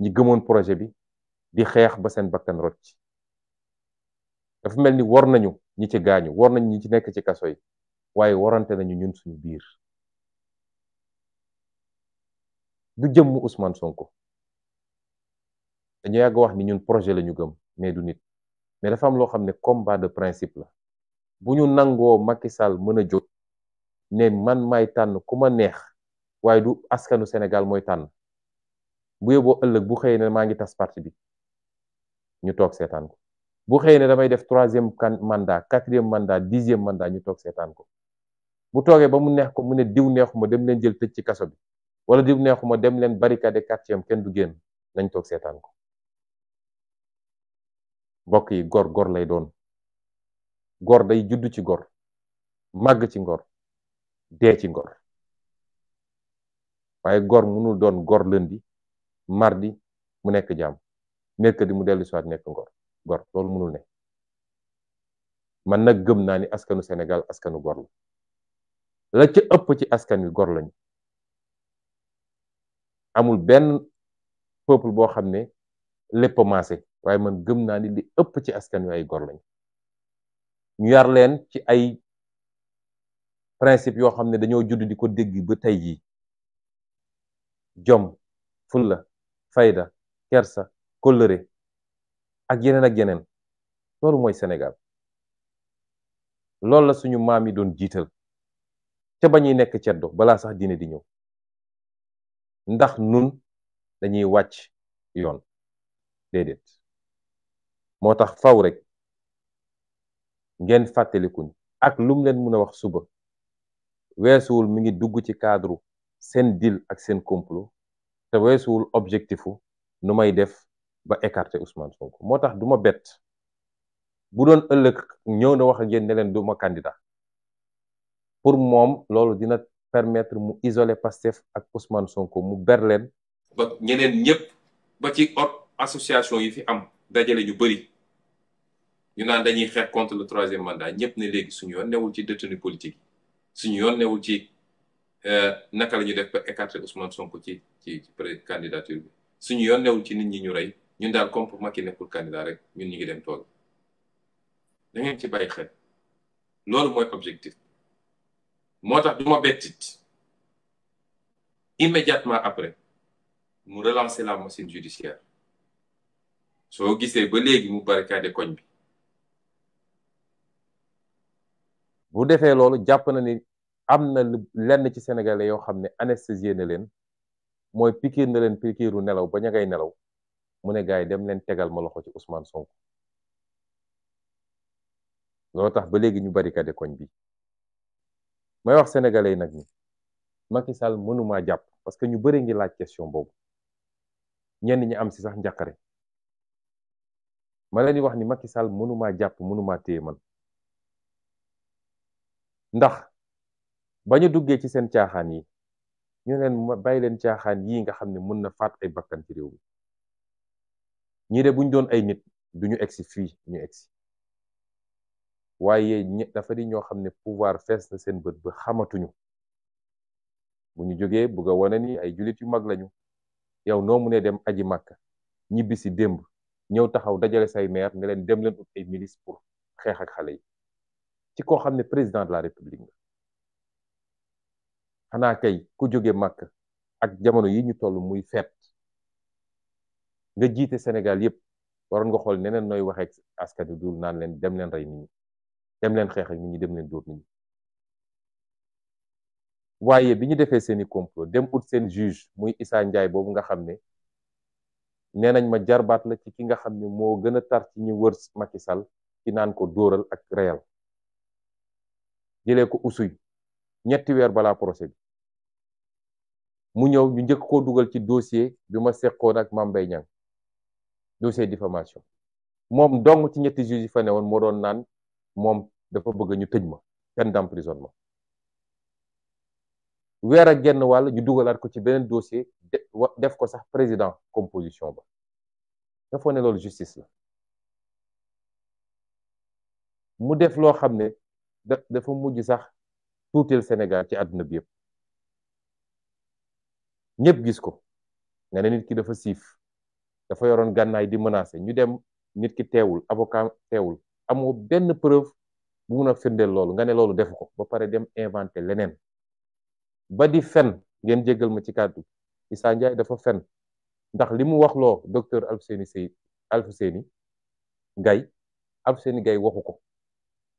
ñi gëmoon projet bi di xeex ba seen bakkan rot ci dafa mel ni wor nañu ñi ci gaañu wor nañu ñi ci nekk ci kaso yi waaye warante nañu ñun suñu biir du jëmm Ousmane Sonko dañu yàgg wax ni ñun projet la ñu gëm mais du nit mais dafa am loo xam ne combat de principe la bu ñu nangoo Macky Sall mën a jóg ne man may tànn ku ma neex waaye du askanu Sénégal mooy tànn bu yóbboo ëllëg bu xëyee ne maa ngi tas parti bi ñu toog seetaan ko bu xëyee ne damay def troisième mandat quatrième mandat dixième mandat ñu toog seetaan ko bu toogee ba mu neex ko mu ne diw neexuma dem leen jël tëj ci kaso bi wala diw neexuma dem leen barricade quartier am kenn du génn nañ toog seetaan ko mbokk yi gor gor lay doon gor day judd ci gor mag ci ngor dee ci ngor waaye gor munul doon gor lundi mardi mu nekk jaam di mu dellu siwaat nekk ngor gor loolu munul ne man nag gëm naa ni askanu Sénégal askanu gor la la ca ëpp ci askan wi gor lañu amul benn peuple boo xam ne lépp commencé waaye man gëm naa ni li ëpp ci askan wi ay gor lañ ñu yar leen ci ay principe yoo xam ne dañoo judd di ko dégg ba tey jii jom fulla fayda kersa kóllëre ak yeneen ak yeneen loolu mooy Sénégal loolu la suñu maam yi doon jiital te ba ñuy nekk ceddo balaa sax diine di ñëw ndax nun dañuy wàcc yoon déedéet moo tax faw rek ngeen fàttaliku ak lum leen mën a wax suba weesuwul mi ngi dugg ci cadre seen dil ak seen complot te weesuwul objectifu nu may def ba écarter Ousmane Sonko moo tax du ma bett bu doon ëllëg ñëw na wax ak yéen leen du ma candidat pour moom loolu dina permettre mu isoler Pastef ak Ousmane Sonko mu ber leen ba ñeneen ñëpp ba ci ot association yi fi am dajale ñu bëri ñu naan dañuy xeex contre le troisième mandat ñëpp ne léegi suñu yoon newul ci détenu politique suñu yoon newul ci euh, naka la def ba écarter Ousmane ci ci pré candidature bi suñu yoon newul ci nit ñi ñu rey ñun daal comme pour Macky nekkul candidat rek ñun ñu ngi dem tool da ci bàyyi xel loolu mooy objectif moo tax du ma bettit immédiatement après mu relancer la machine judiciaire soo gisee ba léegi mu barricade koñ bi. bu defee loolu jàpp na ni am na lenn ci sénégalais yoo xam ne anesthésié na leen mooy pikiir na leen pikiiru nelaw ba ña ngay nelaw mu ne gars yi dem leen tegal ma loxo ci Ousmane Sonko loolu tax ba léegi ñu barricade koñ bi may wax sénégalais yi nag ni Macky Sall mënumaa jàpp parce que ñu bëri ngi laaj question boobu ñenn ñi am si sax njàqare ma la di wax ni Macky Sall mënumaa jàpp mënumaa téye man ndax ba ñu duggee ci seen caaxaan yi ñu leen bàyyi leen caaxaan yii nga xam ne mën na faat ay bakkan ci réew mi ñii de buñ doon ay nit du ñu egsi fii ñu egsi waaye dafa di ñoo xam ne pouvoir fees na seen bët ba xamatuñu bu ñu jógee bëgg a wane ni ay jullit yu mag lañu yow noo mu ne dem aji màkka ñibbi si dëmb ñëw taxaw dajale say maire nga leen dem leen ut ay milice pour xeex ak xale yi ci koo xam ne président de la république nga xanaa kay ku jóge màkk ak jamono yi ñu toll muy feet nga jiite Sénégal yépp waroon nga xool neneen nooy waxee askan wi dul naan leen dem leen rey nit ñi dem leen xeex ñu nit ñi dem leen dóor waaye bi ñu defee seeni complot dem ut seen juge muy Issa Ndiaye boobu nga xam ne nee nañ ma jarbaat la ci ki nga xam ne moo gën a tar ci ñu wër Macky Sall ci naan ko dóoral ak reyal jëlee ko usuy ñetti weer balaa procès bi mu ñëw ñu njëkk koo dugal ci dossier bi ma seqoon ak Mame Mbaye Niang dossier diffamation moom dong ci ñetti juge yi ne woon moo doon naan moom dafa bëgg ñu tëj ma peine d'emprisonnement weer ak genn wàll ñu dugalaat ko ci beneen dossier def ko sax président composition ba dafa ne justice la mu def loo xam ne da dafa mujj sax tuutil Sénégal ci àdduna bi yëpp ñëpp gis ko nga nit ki dafa siif dafa yoroon gànnaay di menacer ñu dem nit ki teewul avocat teewul amoo benn preuve mu na a loolu nga ne loolu def ko ba pare dem inventé leneen ba di fen ngeen jéggal ma ci kàddu Issa Ndiaye dafa fen ndax li mu wax loo docteur Alfousseni Sey Alfousseni Gaye Alfousseni Gaye waxu ko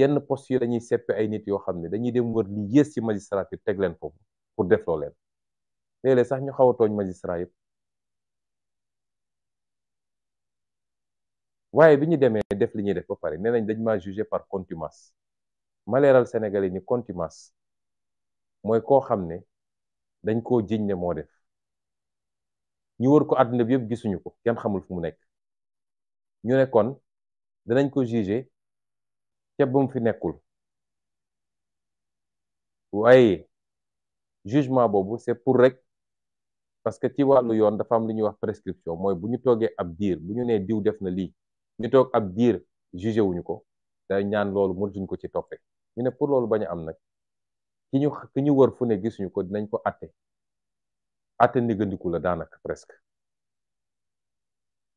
yenn poste yi dañuy seppi ay nit yoo xam ne dañuy dem wër li yées ci magistrature teg leen foofu pour defloo leen léeg sax ñu xaw a tooñ magistrat yëpp waaye bi ñu demee def li ñuy def ba pare nee nañ dañ ma jugé par contumace ma leeral ni contumace mooy koo xam ne dañ koo jiñ ne moo def ñu wër ko àdduna bi yëpp gisuñu ko kenn xamul fu mu nekk ñu ne kon danañ ko jugé ca ba mu fi nekkul waaye jugement boobu c'est pour rek parce que ci wàllu yoon dafa am lu ñuy wax prescription mooy bu ñu toogee ab diir bu ñu nee diw def na lii ñu toog ab diir jugé wuñu ko day ñaan loolu mënatuñ ko ci toppee ñu ne pour loolu bañ a am nag ki ñu ki ñu wër fu ne gisuñu ko dinañ ko atte atte niggandiku la daanaka presque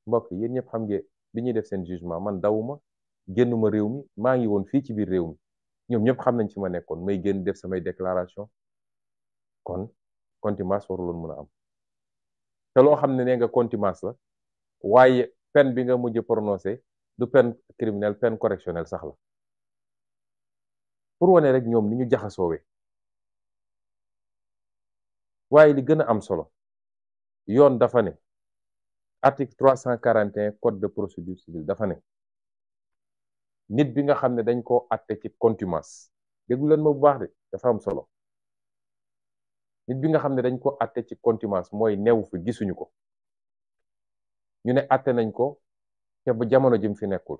mbokk yéen ñëpp xam ngeen bi ñuy def seen jugement man dawuma génnuma réew mi maa ngi woon fii ci biir réew mi ñoom ñëpp xam nañ ci ma nekkoon may génn def samay déclaration kon contumace loon mën a am te loo xam ne nee nga contimence la waaye penn bi nga mujj prononcé du penn criminelle penn correctionnelle sax la pour wane rek ñoom ni ñu jaxasoowee waaye li gën a am solo yoon dafa ne article 341 code de procédure civile dafa ne nit bi nga xam ne dañ koo atte ci contumace déglu leen ma bu baax de dafa am solo nit bi nga xam ne dañ ko atte ci contumace mooy neewu fi gisuñu ko ñu ne atte nañ ko te ba jamono jim fi nekkul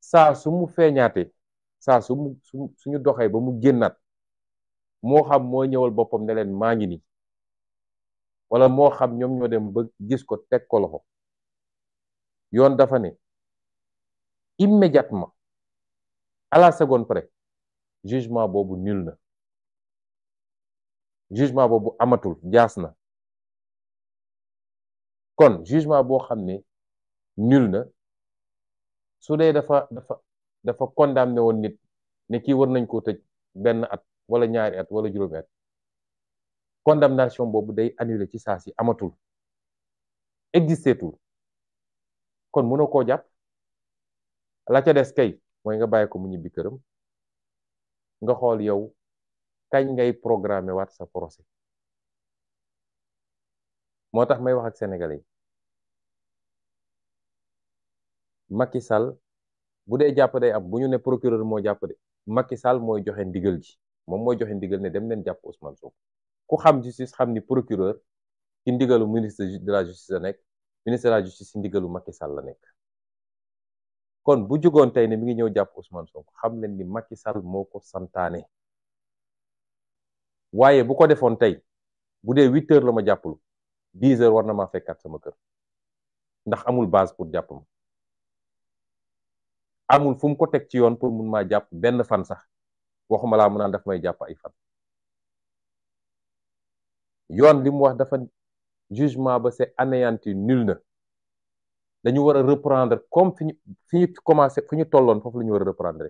saa su mu feeñaatee saa su su suñu doxee ba mu génnaat moo xam moo ñëwal boppam ne leen maa ngi nii wala moo xam ñoom ñoo dem ba gis ko teg ko loxo yoon dafa ne immédiatement à la seconde près jugement boobu nul na jugement boobu amatul jaas na kon jugement boo xam ne nul na su dee dafa dafa dafa condamné woon nit ne kii war nañ koo tëj benn at wala ñaari at wala juróomi at condamnation boobu day annulé ci saa si amatul existé tul kon mënoo koo jàpp la ca des kay moy nga bayiko mu ñibi kërëm nga xol yow kañ ngay programmer wat sa procès motax may wax ak sénégalais Macky Sall budé japp day ab buñu né ne procureur mo japp dé Macky Sall moy joxé ndigal ji mom moy joxé ndigal né dem leen japp Ousmane Sonko ku xam justice xam ni procureur ci ndigalu ministre de la justice la ministre de la justice Macky Sall la nek kon bu jugoon tey ne mi ngi ñëw jàpp Ousmane Sonko xam leen ni Macky Sall moo ko santaane waaye bu ko defoon tey bu dee huit heures la ma jàppalu dix heures war na maa fekkaat sama kër ndax amul base pour jàpp ma amul fu ko teg ci yoon pour mun maa jàpp benn fan sax waxuma laa mu naan daf may jàpp ay fan yoon li mu wax dafa jugement ba c'est anéanti nul na dañu war a reprendre comme fi ñu fi ñu commencé fi ñu tolloon foofu la ñu reprendre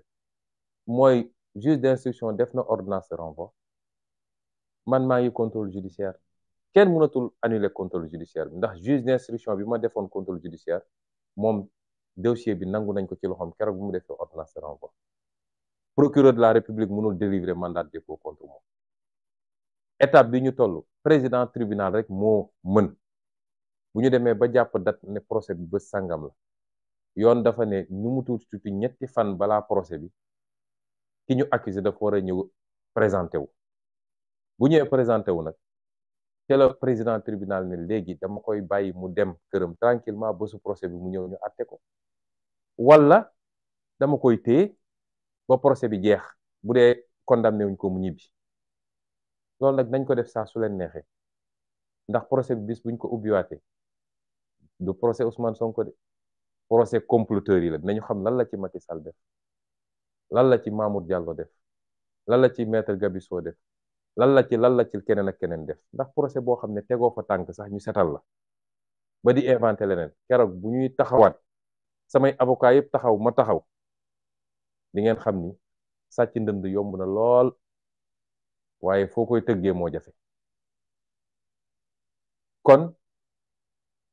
mooy juge d'instruction def na ordonnance de renvoi man maa ngi contrôle judiciaire kenn mënatul annuler contrôle judiciaire bi ndax juge d'instruction bi ma defoon contrôle judiciaire moom dossier bi nangu nañ ko ci loxoom keroog bu mu defee ordonnance de renvoi procureur de la république mënul délivrer mandat de dépôt contre moom étape bi ñu toll président tribunal rek moo mën bu ñu demee ba jàpp date ne procès bi bés sàngam la yoon dafa ne nu mu tuuti tuuti ñetti fan balaa procès bi ki ñu accusé dafa war a ñëw présenté wu bu ñëwee présenté wu nag te la président tribunal ne léegi dama koy bàyyi mu dem këram tranquillement bésu procès bi mu ñëw ñu àtte ko wala dama koy téye ba procès bi jeex bu dee condamné wuñ ko mu ñibbi loolu nag nañ ko def saa su leen neexee ndax procès bi bis buñ ko ubbiwaatee du procès Ousmane Sonko de procès comploteurs yi la dinañu xam lan la ci Macky Sall def lan la ci Mamour Diallo def lan la ci maître Gabisso def lan la ci lan la ci keneen ak keneen def ndax procès boo xam ne tegoo fa tànk sax ñu setal la ba di inventé leneen keroog bu ñuy taxawaat samay avocat yëpp taxaw ma taxaw di ngeen xam ni sàcc ndënd yomb na lool waaye foo koy tëggee moo jafe kon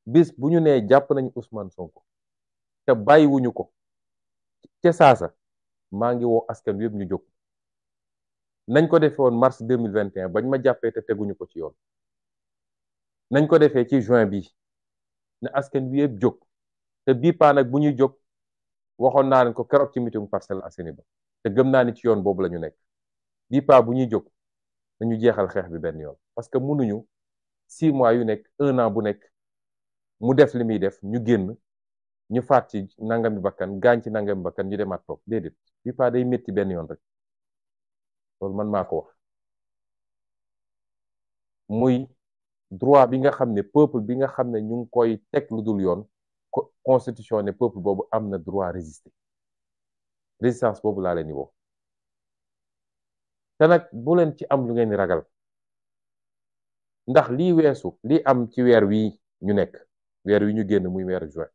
bis bu ñu nee jàpp nañ Ousmane Sonko te bàyyiwuñu ko ca saasa maa ngi woo askan yëpp ñu jóg nañ ko defee woon mars 2021 bañ ma jàppee te teguñu ko ci yoon nañ ko defee ci juin bi ne askan wi yëpp jóg te bii paa nag bu ñuy jóg waxoon naa leen ko keroog ci meeting Parcelles Assainies ba te gëm naa ni ci yoon boobu la ñu nekk bii paa bu ñuy jóg nañu jeexal xeex bi benn yoon parce que mënuñu six mois yu nekk un bu nekk mu def li muy def ñu génn ñu faat ci nangami bakkan gaañ ci nangami bakkan ñu demaat toog déedéet bi pas day métti benn yoon rek loolu man maa ko wax muy droit bi nga xam ne peuple bi nga xam ne ñu ngi koy teg lu dul yoon constitution ne peuple boobu am na droit résister résistance boobu laa leen di woo te nag bu leen ci am lu ngeen ragal ndax lii weesu lii am ci weer wii ñu nekk weer wi ñu génn muy weeru juin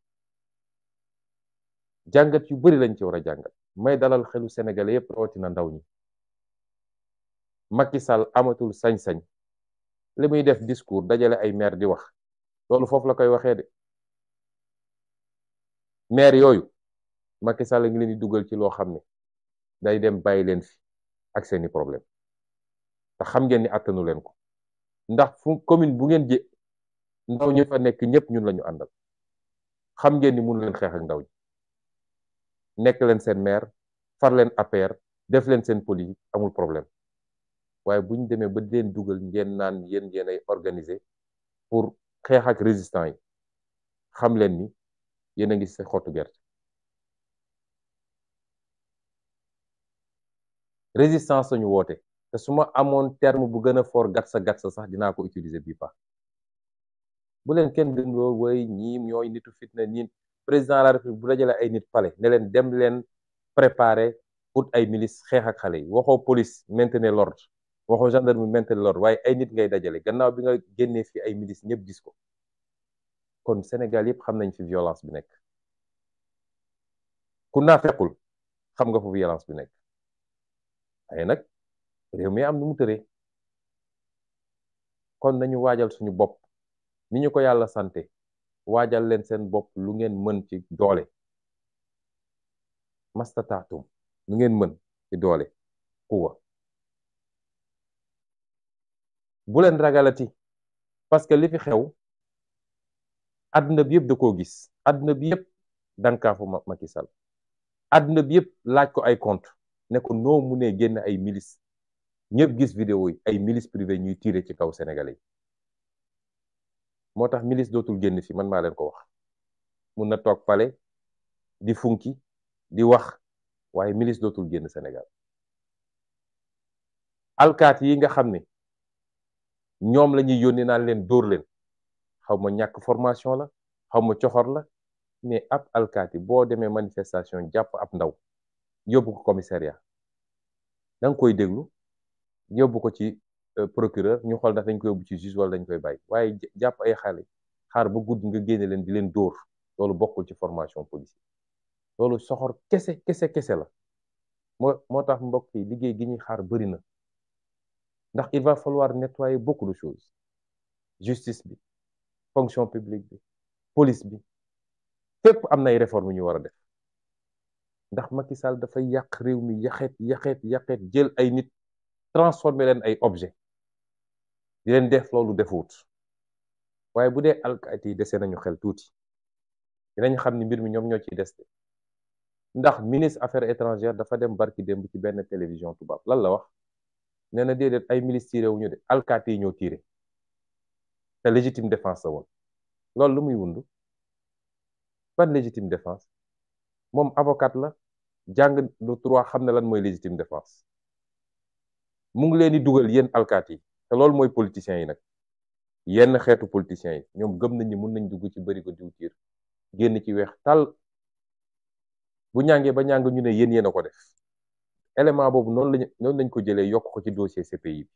jàngat yu bari lañ ci wara may dalal xelu sénégalais yépp rawatina ndaw ñi Macky Sall amatul sañ-sañ li muy def discours dajale ay maire di wax loolu foofu la koy waxee de maire yooyu Macky Sall ngi leen di duggal ci loo xam ne day dem bàyyi leen fi ak seeni problème te xam ngeen ni attanu leen ko ndax fu commune bu ngeen ndaw ñu fa nekk ñëpp ñun la ñu àndal xam ngeen ni mënu leen xeex ndaw ñi nekk leen seen maire far leen APR def leen seen politique amul problème waaye bu ñu demee ba di dugal ngeen naan yéen yéen ay organiser pour xeex ak résistants yi xam leen ni yéen a ngi sa xottu gerte. résistance sañu woote te su ma amoon terme bu gën a fort gatsa gatsa sax dinaa ko utiliser bii paax bu leen kenn gën loo woy ñii ñooy nitu fitna ñii président de la république bu dajale ay nit pale ne leen dem leen préparer ut ay milice xeex ak xale yi waxoo police maintenir l'ordre waxoo gendarme maintenir l'ordre waaye ay nit ngay dajale gannaaw bi nga génnee fi ay milice ñëpp gis ko kon Sénégal yëpp xam nañ fi violence bi nekk ku naa fekkul xam nga fu violence bi nekk waaye nag réew mi am nu mu tëree kon nañu waajal suñu bopp ni ñu ko yàlla sante waajal leen seen bopp lu ngeen mën ci doole mastataatum lu ngeen mën ci doole quwa bu leen ragalati parce que li fi xew àdduna bi yëpp da koo gis àdduna bi yëpp dankaafu Macky Sall àdduna bi yëpp laaj ko ay compte ne ko mu ne génn ay milice ñëpp gis vidéo yi ay milice privée ñuy tirer ci kaw sénégalais moo tax milice dootul génn fi man maa leen ko wax mun a toog pale di funki di wax waaye milice dootul génn senegal alkaati yi nga xam ne ñoom la ñuy yónni naan leen dóor leen xaw ma ñàkk formation la xaw ma coxor la mais ab alkaati boo demee manifestation jàpp ab ndaw yóbbu ko commissariat da koy déglu yóbbu ko ci Euh, procureur ñu xool ndax dañ koy yóbbu ci dañ koy bàyyi waaye jàpp ay xale xaar ba guddi nga génne leen di leen dóor loolu bokkul ci formation policière loolu soxor kese kese kese la moo moo tax mbokk yi liggéey gi ñuy xaar bëri na ndax il va falloir nettoyer beaucoup de justice bi fonction publique bi police bi fépp am na ay réformes yu ñu war a def ndax Macky Sall dafay yàq réew mi yaxeet yaxeet yaxeet jël ay nit transformer leen ay objet di leen def loolu defuut waaye bu dee alkaati yi desee nañu xel tuuti dinañ xam ni mbir mi ñoom ñoo ciy des de ndax ministre affaire étrangères dafa dem barki démb ci benn télévision tubaab lan la wax nee na déedéet ay milice tiré wu ñu de alkaati yi ñoo tiré te légitime défense la woon loolu lu muy wund ban légitime défense moom avocat la jàng lu droit xam ne lan mooy légitime défense mu ngi leen di dugal yéen alkaati te loolu mooy politiciens yi nag yenn xeetu politiciens yi ñoom gëm nañ ni mën nañ dugg ci bërigo diwtiir génn ci weex tal bu ñàngee ba ñàng ñu ne yéen yéen a ko def élément boobu noonu lañ noonu lañ ko jëlee yokk ko ci dossier CPI bi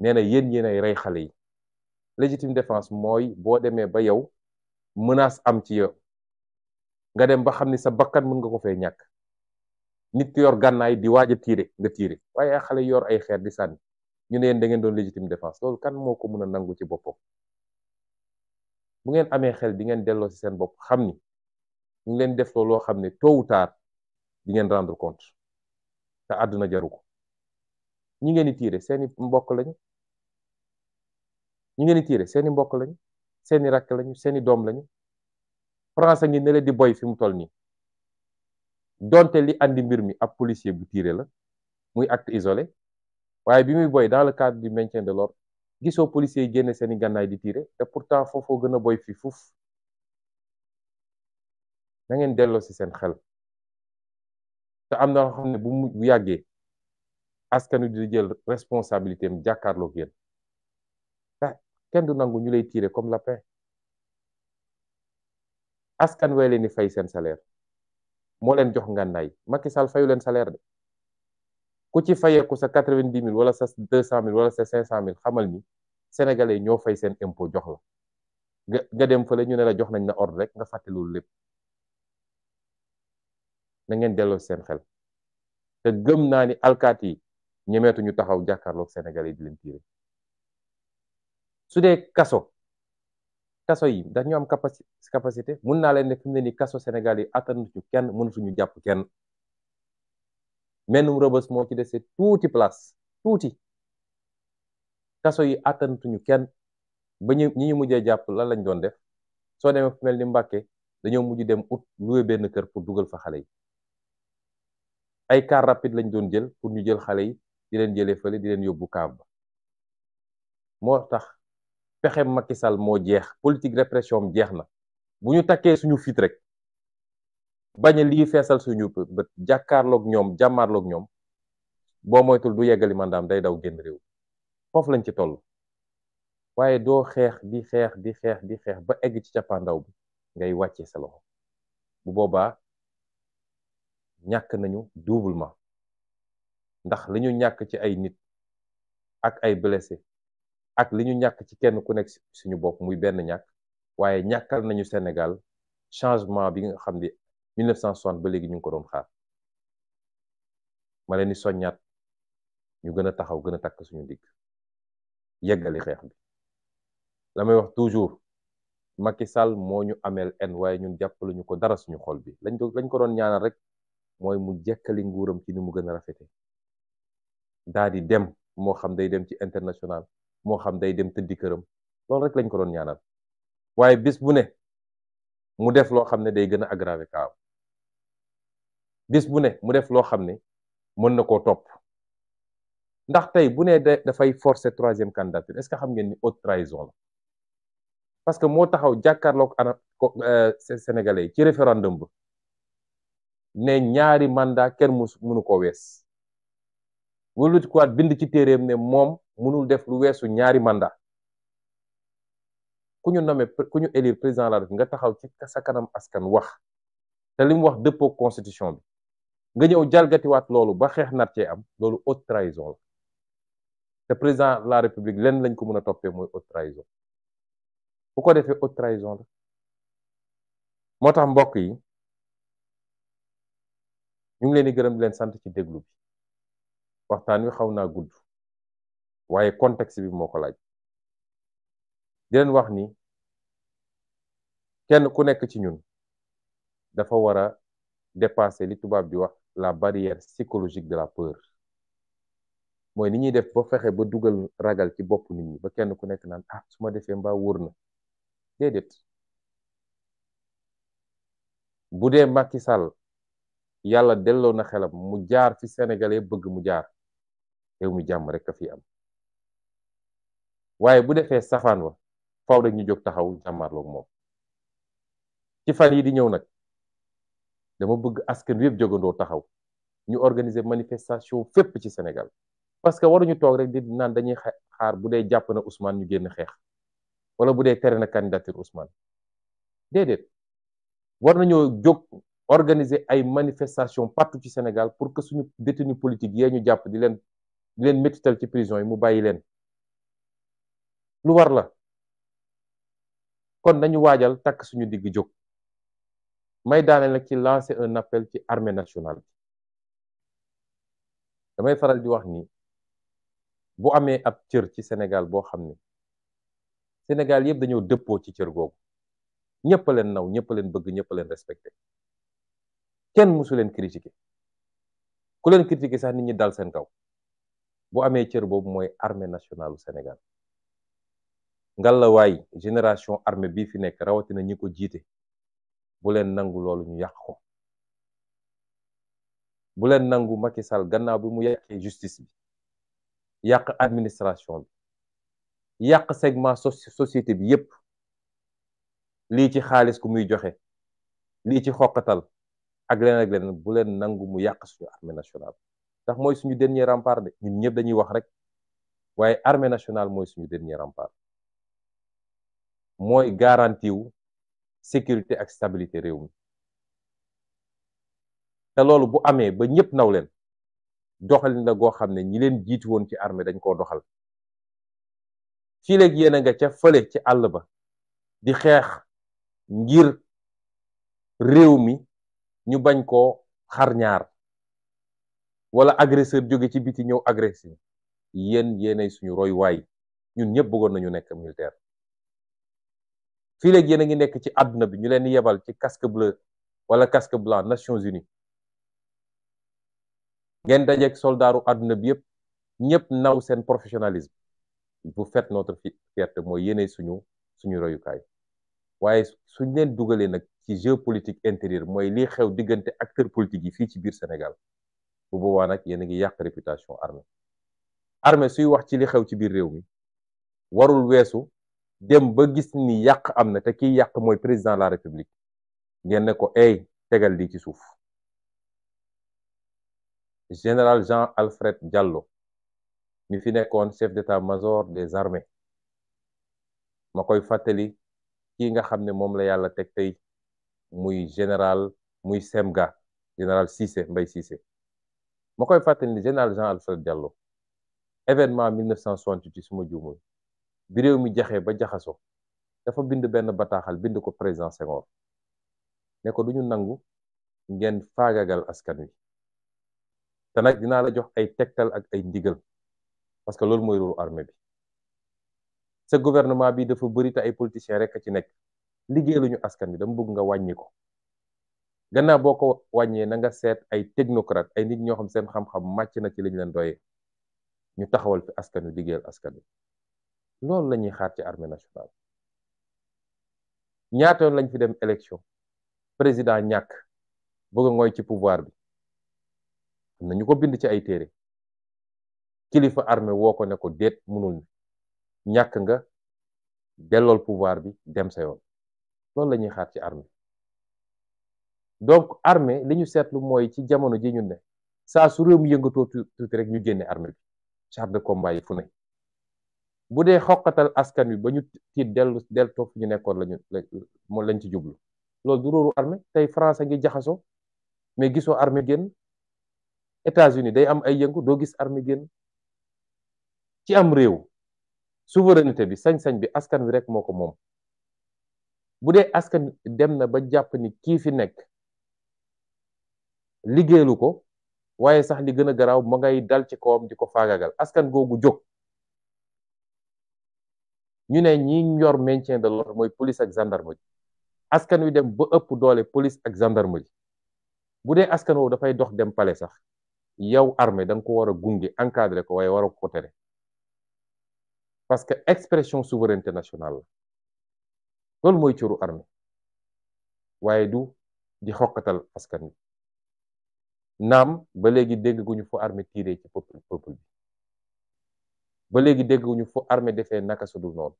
nee na yéen yéen ay rey xale yi légitime défense mooy boo demee ba yow mënaas am ci yow nga dem ba xam ni sa bakkan mën nga ko fee ñàkk nit ki yor gannaay di waaj a nga tiire waye ay xale yor ay xéer di sanni ñu neen da ngeen doon légitime défense lool kan moko mëna nangu ci boppam bu ngeen amé xel di ngeen delo ci seen bop xamni ni ñu leen def lo xamni xam ne tôt ou tard di ngeen rendre compte ta aduna jaru ko ñi ngeen di mbokk lañu ñi ngeen mbokk lañu seen rak lañu seen dom lañu France ngi ne di boy fi mu toll ni donte li andi mbir mi ab policier bu tiré la muy acte isolé waaye bi muy boy dans le cadre du maintien de l'ordre gisoo policier yi génne seeni gànnaay di tiré te pourtant foofoo gën a boy fii fuuf na ngeen si seen xel te am na loo xam ne bu mu bu yàggee askanu di jël responsabilité am jàkkaarloog yéen kenn du nangu ñu lay tiré comme lapin askan wee leen di fay seen salaire. moo leen jox ngànnaay Macky Sall fayu leen salaire de ku ci fayeeku sa quatre-vingt-dix mille wala sa deux cent mille wala sa cinq cent mille xamal ni sénégalais ñoo fay seen impôt jox la nga nga dem fële ñu ne la jox nañ na ordre rek nga fàtte loolu lépp ngeen delloo seen xel te gëm naa ni alkaat yi ñemeetu ñu taxaw jàkkaarloog sénégalais di leen tiire su dee kaso kaso yi ndax ñu am capacité capacité mën na leen ne fimné ni kaso Sénégal yi ci kenn mënatuñu japp kenn menum rëbës mo ci dese touti place touti kaso yi attanatuñu kenn ba ñu ñi ñu mujjee jàpp lañ doon def so démé fu melni mbacké Mbàkke dañoo mujj dem ut loué benn kër pour dugal fa xalé yi ay car rapide lañ doon jël pour ñu jël xalé yi di leen jëlé fële di leen yobbu kaab ba tax pexe Macky Sall mo jeex politique répression am jeex na bu ñu suñu fit rek bañ a lii suñu bët jàkkaarloog ñoom jàmmaarloog ñom bo moytul du yeggali mandam day daw genn rew fof lañ ci toll waaye do xex di xex di xex di xex ba egg ci cappaandaw bi ngay sa loxo bu boba ñak nañu doublement ndax lañu ñak ci ay nit ak ay blessés ak li ñu ñàkk ci kenn ku nekk suñu bopp muy benn ñàkk waaye ñàkkal nañu Sénégal changement bi nga xam ne 1960 ba léegi ñu ngi ko doon xaar ma leen di soññaat ñu gën a taxaw gën a takk suñu digg yeggali xeex bi damay wax toujours Macky Sall moo ñu ameel en waaye ñun jàppale ñu ko dara suñu xol bi lañ ko lañ ko doon ñaanal rek mooy mu jekkali nguuram ci ni mu gën a rafete daa di dem moo xam day dem ci international moo xam day dem tëddi këram loolu rek lañ ko doon ñaanal waaye bis bu ne mu def loo xam ne day gën a aggravé kaam bis bu ne mu def loo xam ne mën na koo topp ndax tey bu ne dafay forcer troisième candidature est-ce que xam ngeen ni haute trahison la parce que moo taxaw jàkkaarloog ana euh, sénégalais yi ci référendum ba ne ñaari mandat ken mu mënu ko wees wëlbatikuwaat bind ci téeréem ne moom mënul def lu weesu ñaari mandat ku ñu nommé ku ñu élire président la République nga taxaw ci sa kanam askan wax te li mu wax dëppoo constitution bi nga ñëw jalgatiwaat loolu ba xeex nar cee am loolu haute trahison la te président la République lenn lañ ko mën a toppee mooy haute trahison bu ko defee haute trahison la moo tax mbokk yi ñu ngi leen di gërëm leen sant ci déglu bi waxtaan wi xaw naa gudd waye contexte bi moko laaj di len wax ni kenn ku nek ci ñun dafa wara dépasser li tubab di wax la barrière psychologique de la peur moy ni ñi def ba fexé ba dugal ragal ci bop nit ñi ba kenn ku nek nan ah suma ma mba wourna dedet budé Macky Sall yalla delo na xelam mu jaar fi Sénégalais bëgg mu jaar rew mi rek ka fi am waaye bu defee safaan wa faaw rek ñu jóg taxaw jàmmaarloog moom ci fan yi di ñëw nag dama bëgg askan wi yëpp jógandoo taxaw ñu organiser manifestation fépp ci Sénégal parce que waruñu toog rek di naan dañuy xaar bu dee jàpp na Ousmane ñu génn xeex wala bu dee tere na candidature Ousmane déedéet war nañoo jóg organiser ay manifestation partout ci Sénégal pour que suñu détenu politique yee ñu jàpp di leen di leen métital ci prison yi mu bàyyi leen lu war la kon nañu waajal takk suñu digg jóg may daaneel nag ci lancer un nappel ci armée nationale damay faral di wax ni bu amee ab cër ci senegal boo xam ne senegal yëpp dañoo dëppoo ci cër googu ñëpp leen naw ñëpp leen bëgg ñëpp a leen respecté kenn mësu leen critiqué ku leen critiqué sax nit ñi dal seen kaw bu amee cër boobu mooy armée nationale du Sénégal ngalawaay génération armée bii fi nekk rawatina ñi ko jiite bu leen nangu loolu ñu yàq ko bu leen nangu Macky Sall gannaaw bi mu yàqee justice bi yàq administration bi yàq segment société bi yëpp lii ci xaalis ku muy joxe lii ci xoqatal ak leneen ak leneen bu leen nangu mu yàq suñu armée nationale ndax mooy suñu dernier rempart de ñun ñëpp dañuy wax rek waaye armée nationale mooy suñu dernier rempart mooy garantiw sécurité ak stabilité réew mi te loolu bu amee ba ñëpp naw leen doxalin la goo xam ne ñi leen jiitu woon ci armée dañ koo doxal fii léegi yéen nga ca fële ci àll ba di xeex ngir réew mi ñu bañ ko xar ñaar wala agresseur jóge ci biti ñëw agressé yéen yéenay suñu royuwaay ñun ñëpp bëggoon nañu nekk militaire fii léegi yéen a ngi nekk ci àdduna bi ñu leen yebal ci casque bleu wala casque blanc Nations Unies ngeen dajeeg soldaaru àdduna bi yëpp ñëpp naw seen professionnalisme vous faites notre fierté mooy yenee suñu suñu royukaay waaye suñ leen dugalee nag ci jeu politique intérieur mooy lii xew diggante acteur politique yi fii ci biir Sénégal bu boobaa nag yéen a ngi yàq réputation armée armée suy wax ci li xew ci biir réew mi warul weesu dem ba gis ni yàq am na te kiy yàq mooy président la république ngeen ne ko ay tegal lii ci suuf général Jean Alfred Diallo mi fi nekkoon chef d'état-major des armées ma koy fàttali kii nga xam ne moom la yàlla teg tey muy général muy semga général Cissé Mbaye Cissé ma koy fàttali ni général Jean Alfred Diallo événement 1968 su ma juumul bi réew mi jaxé ba jaxaso dafa bind benn bataaxal bind ko président Senghor ne ko duñu nangu ngeen faagagal askan wi té nak dina la jox ay tegtal ak ay ndigal parce que lool moy rôle armée bi sa gouvernement bi dafa bëri te ay politiciens rek a ci nekk luñu askan wi dama bëgg nga wàññi ko ganna boko wañé na nga sét ay technocrate ay nit ñoo xam seen xam-xam macc na ci liñ leen doyé ñu taxawal fi askan wi askan wi loolu la ñuy xaar ci armée nationale ñaata yoon lañ fi dem élection président ñàkk bëgg a ci pouvoir bi am na ñu ko bind ci ay téere kilifa armée woo ko ne ko déet mënul ne ñàkk nga dellool pouvoir bi dem sa yoon loolu la ñuy xaar ci armée donc armee li ñu seetlu mooy ci jamono ji ñun ne saa su réew mi yëngatoo tuuti rek ñu génne armée bi char de combat yi fu ne bu dee xoqatal askan wi ba ñu tiit dellu del ñu nekkoon lañu moom lañ ci jublu lool du róoru armée tey France a ngi jaxasoo mais gisoo armée génn États-Unis day am ay yëngu doo gis armée génn ci am réew souveraineté bi sañ-sañ bi askan wi rek moo ko moom bu dee askan dem na ba jàpp ni kii fi nekk liggéeyalu ko waaye sax li gën a garaaw ma ngay dal ci kawam di ko faagagal askan googu jóg ñu ne ñi yor maintien de l'ordre mooy police ak gendarmerie askan wi dem ba ëpp doole police ak gendarmerie bu dee askan woowu dafay dox dem pale sax yow armée da nga ko war a gunge encadré ko waaye wara a ko tere parce que expression souveraineté nationale la loolu mooy cëru armée waaye du di xokkatal askan wi naam ba léegi dégg gu ñu fa armée tiré ci peuple peuple bi ba léegi dégguñu fo armée defee naka su noonu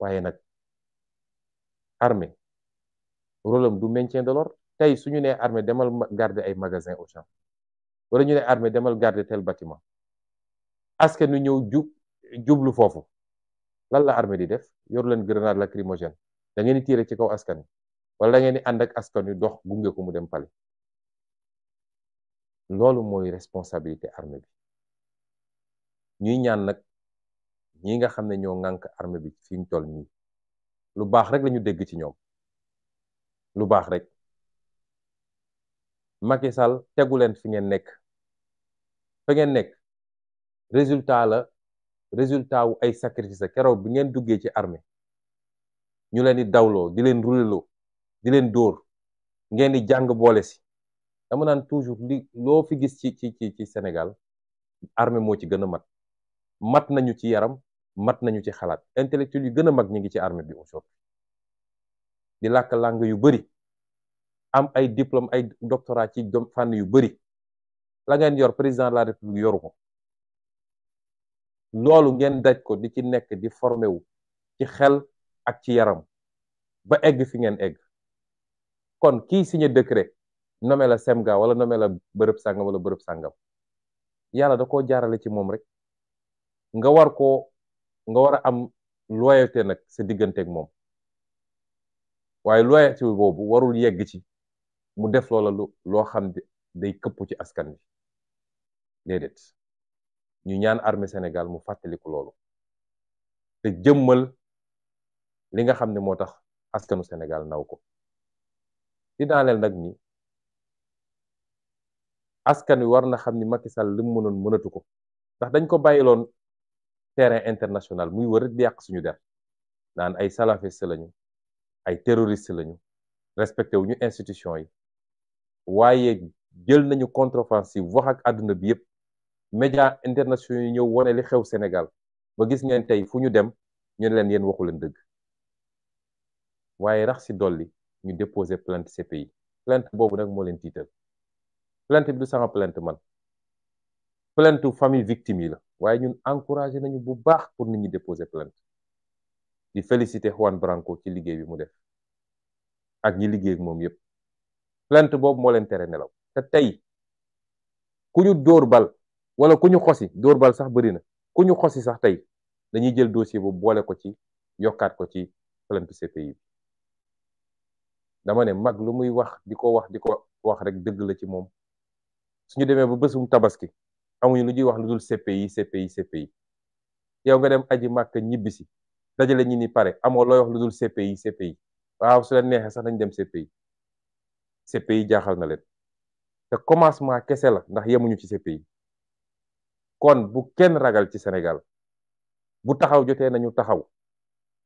waaye nag armée rôle am du maintien de tey su ñu nee armée demal garder ay magasin au champ wala ñu ne armée demal garder tel bâtiment askan nu ñëw jub jublu foofu lan la armée di def yor leen grenade lacrymogène da ngeen di tiire ci kaw askan wala da ngeen di ànd ak askan wi dox gunge mu dem pale loolu mooy responsabilité armée bi ñuy ñaan nag ñi nga xam ne ñoo ŋànk armee bi fi mu toll nii lu baax rek lañu dégg ci ñoom lu baax rek Macky Sall tegu leen fi ngeen nekk fa ngeen nekk résultat la résultat wu ay sacrifice keroog bi ngeen duggee ci armée ñu leen di dawloo di leen ruleloo di leen dóor ngeen di jàng boole si dama naan toujours li loo fi gis ci ci ci Sénégal armée moo ci gën a mat mat nañu ci yaram mat nañu ci xalaat intellectuel yu gën a mag ñi ngi ci armée bi aujourd'hui di làkk langue yu bari am ay diplôme ay doctorat ci fànn yu bëri la ngeen yor président de la république ko loolu ngeen daj ko di ci nekk di formé wu ci xel ak ci yaram ba egg fi ngeen egg kon kii signé décret nommé la semga wala nommé la bërëb sàngam wala bërëb sàngam yàlla da koo jaarale ci moom rek nga war koo nga war a am loyauté nag sa diggante ak moom waaye loyauté boobu warul yegg ci mu def loola lu loo xam day këppu ci askan bi déedéet ñu ñaan armée Sénégal mu fàttaliku loolu te jëmmal li nga xam ne moo tax askanu Sénégal naw ko di daaneel nag ni askan wi war na xam ni Macky Sall li mu ko ndax dañ ko bàyyiloon terrain international muy wër di yàq suñu der naan ay salafiste lañu ay terroriste lañu respecté wuñu institution yi waaye jël nañu contre-offensive wax ak àdduna bi yëpp média internationaux yi ñëw wane li xew Sénégal ba gis ngeen tey fu ñu dem ñu leen yéen waxu leen dëgg waaye rax si dolli ñu déposé plainte CPI plainte boobu nag moo leen tiital plainte bi du sama plainte man plainte famille victime yi la waaye ñun encouragé nañu bu baax pour nit ñi déposer plainte di féliciter Juan Branco ci liggéey bi mu def ak ñi liggéey moom yépp plainte boobu moo leen tere nelaw te tey ku ñu dóor bal wala ku ñu xosi dóor bal sax bëri na ku ñu xosi sax tey dañuy jël dossier bu boole ko ci yokkaat ko ci plainte CPI dama ne mag lu muy wax di ko wax di ko wax rek dëgg la ci moom suñu demee ba bésum tabaski amuñu lu ñuy wax lu dul CPI CPI CPI yow nga dem aji mak ñibisi dajale ñi ni pare amo loy wax lu dul CPI CPI waaw su la nexé sax nañ dem CPI CPI jaxal na leen te commencement kessé la ndax yemuñu ci CPI kon bu kenn ragal ci Sénégal bu taxaw jotee nañu taxaw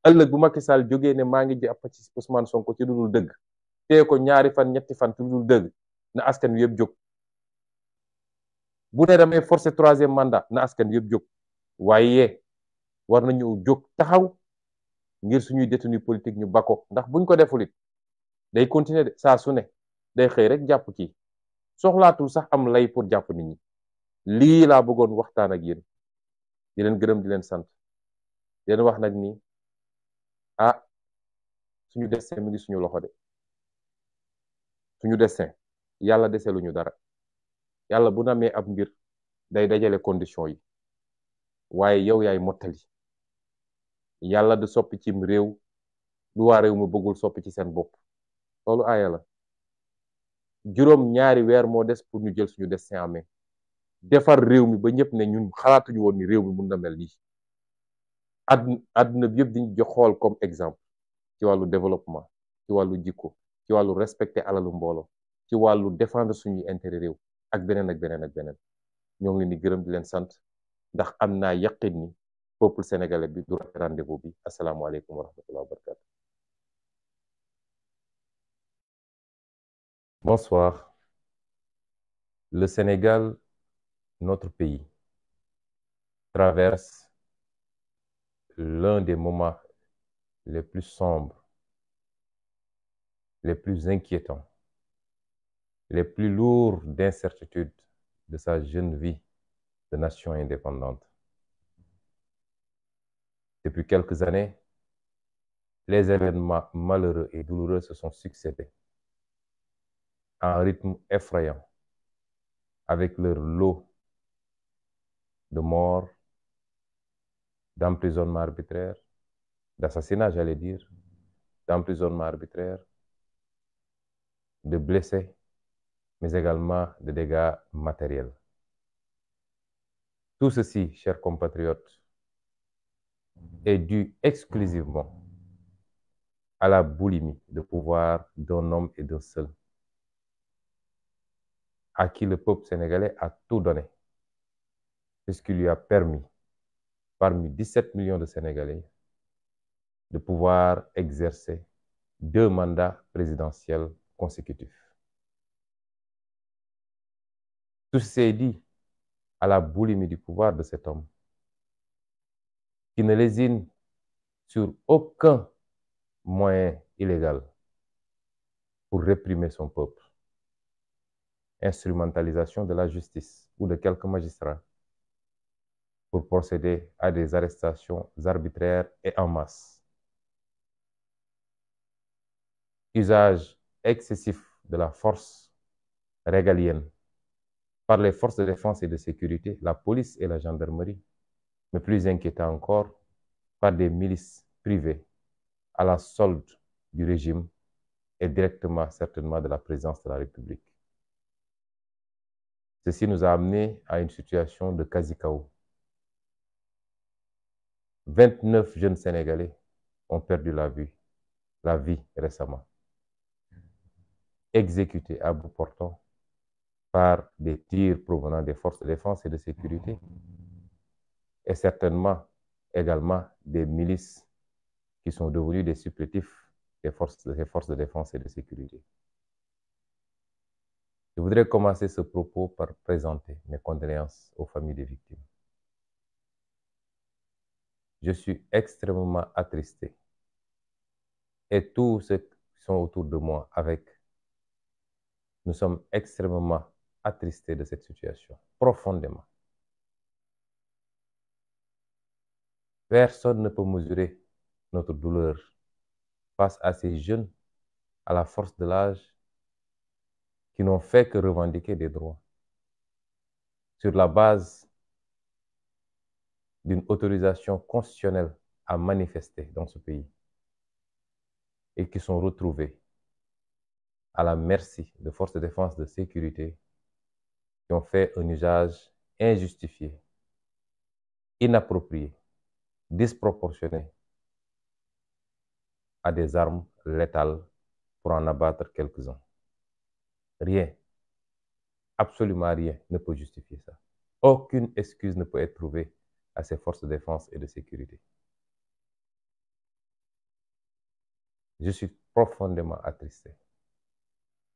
ëlëk bu Macky Sall joggé ne ma ngi jàpp ci Ousmane Sonko ci lu dul dëgg té ko ñaari fan ñetti fan ci dëgg na askan wi yëpp bu ne damay forcer troisième mandat na askan yëpp jóg waaye war nañu jóg taxaw ngir suñuy détenu politique ñu bakko ndax buñ ko defulit day continuer de saa su ne day xëy rek jàpp kii soxlaatul sax am lay pour jàpp nit lii laa bëggoon waxtaan ak yéen di leen gërëm di leen sant di wax nag ni ah suñu destin mi ngi suñu loxo de suñu destin yàlla deseluñu dara yàlla bu namee am mbir day dajale condition yi waaye yow yaay mottali yàlla du sopp cim réew du waa réew mu bëggul soppi ci seen bopp loolu aaya la juróom ñaari weer moo des pour ñu jël suñu destin en main defar réew mi ba ñëpp ne ñun xalaatuñu woon ni réew mi mun na mel nii àdduna àdduna bi yëpp diñ jox xool comme exemple ci wàllu développement ci wàllu jikko ci wàllu respecter alalu mbooloo ci wàllu défendre suñu intérêt réew ak beneen ak beneen ak beneen ñoo ngi ni gërëm di leen sant ndax am naa yaqin ni peuple sénégalais bi du rate rendez-vous bi asalaamualeykum wa rahmatullah wa barakatu bonsoir le Sénégal notre pays traverse l'un des moments les plus sombres les plus inquiétants les plus lourds d'incertitudes de sa jeune vie de nation indépendante. Depuis quelques années, les événements malheureux et douloureux se sont succédés à un rythme effrayant, avec leur lot de morts, d'emprisonnements arbitraires, d'assassinats, j'allais dire, d'emprisonnements arbitraires, de blessés, mais également des dégâts matériels. Tout ceci, chers compatriotes, est dû exclusivement à la boulimie de pouvoir d'un homme et d'un seul, à qui le peuple sénégalais a tout donné, puisqu'il lui a permis, parmi 17 millions de Sénégalais, de pouvoir exercer deux mandats présidentiels consécutifs. Tout s'est dit à la boulimie du pouvoir de cet homme, qui ne lésine sur aucun moyen illégal pour réprimer son peuple. Instrumentalisation de la justice ou de quelques magistrats pour procéder à des arrestations arbitraires et en masse. Usage excessif de la force régalienne par les forces de défense et de sécurité, la police et la gendarmerie, mais plus inquiétant encore, par des milices privées à la solde du régime et directement certainement de la présence de la République. Ceci nous a amené à une situation de quasi-chaos. 29 jeunes Sénégalais ont perdu la vie, la vie récemment, exécutés à bout portant par des tirs provenant des forces de défense et de sécurité, mm-hmm. et certainement également des milices qui sont devenues des supplétifs des forces, des forces de défense et de sécurité. Je voudrais commencer ce propos par présenter mes condoléances aux familles des victimes. Je suis extrêmement attristé et tous ceux qui sont autour de moi avec, nous sommes extrêmement attristé de cette situation, profondément. Personne ne peut mesurer notre douleur face à ces jeunes à la force de l'âge qui n'ont fait que revendiquer des droits sur la base d'une autorisation constitutionnelle à manifester dans ce pays et qui sont retrouvés à la merci de forces de défense de sécurité qui ont fait un usage injustifié, inapproprié, disproportionné à des armes létales pour en abattre quelques-uns. Rien, absolument rien ne peut justifier ça. Aucune excuse ne peut être trouvée à ces forces de défense et de sécurité. Je suis profondément attristé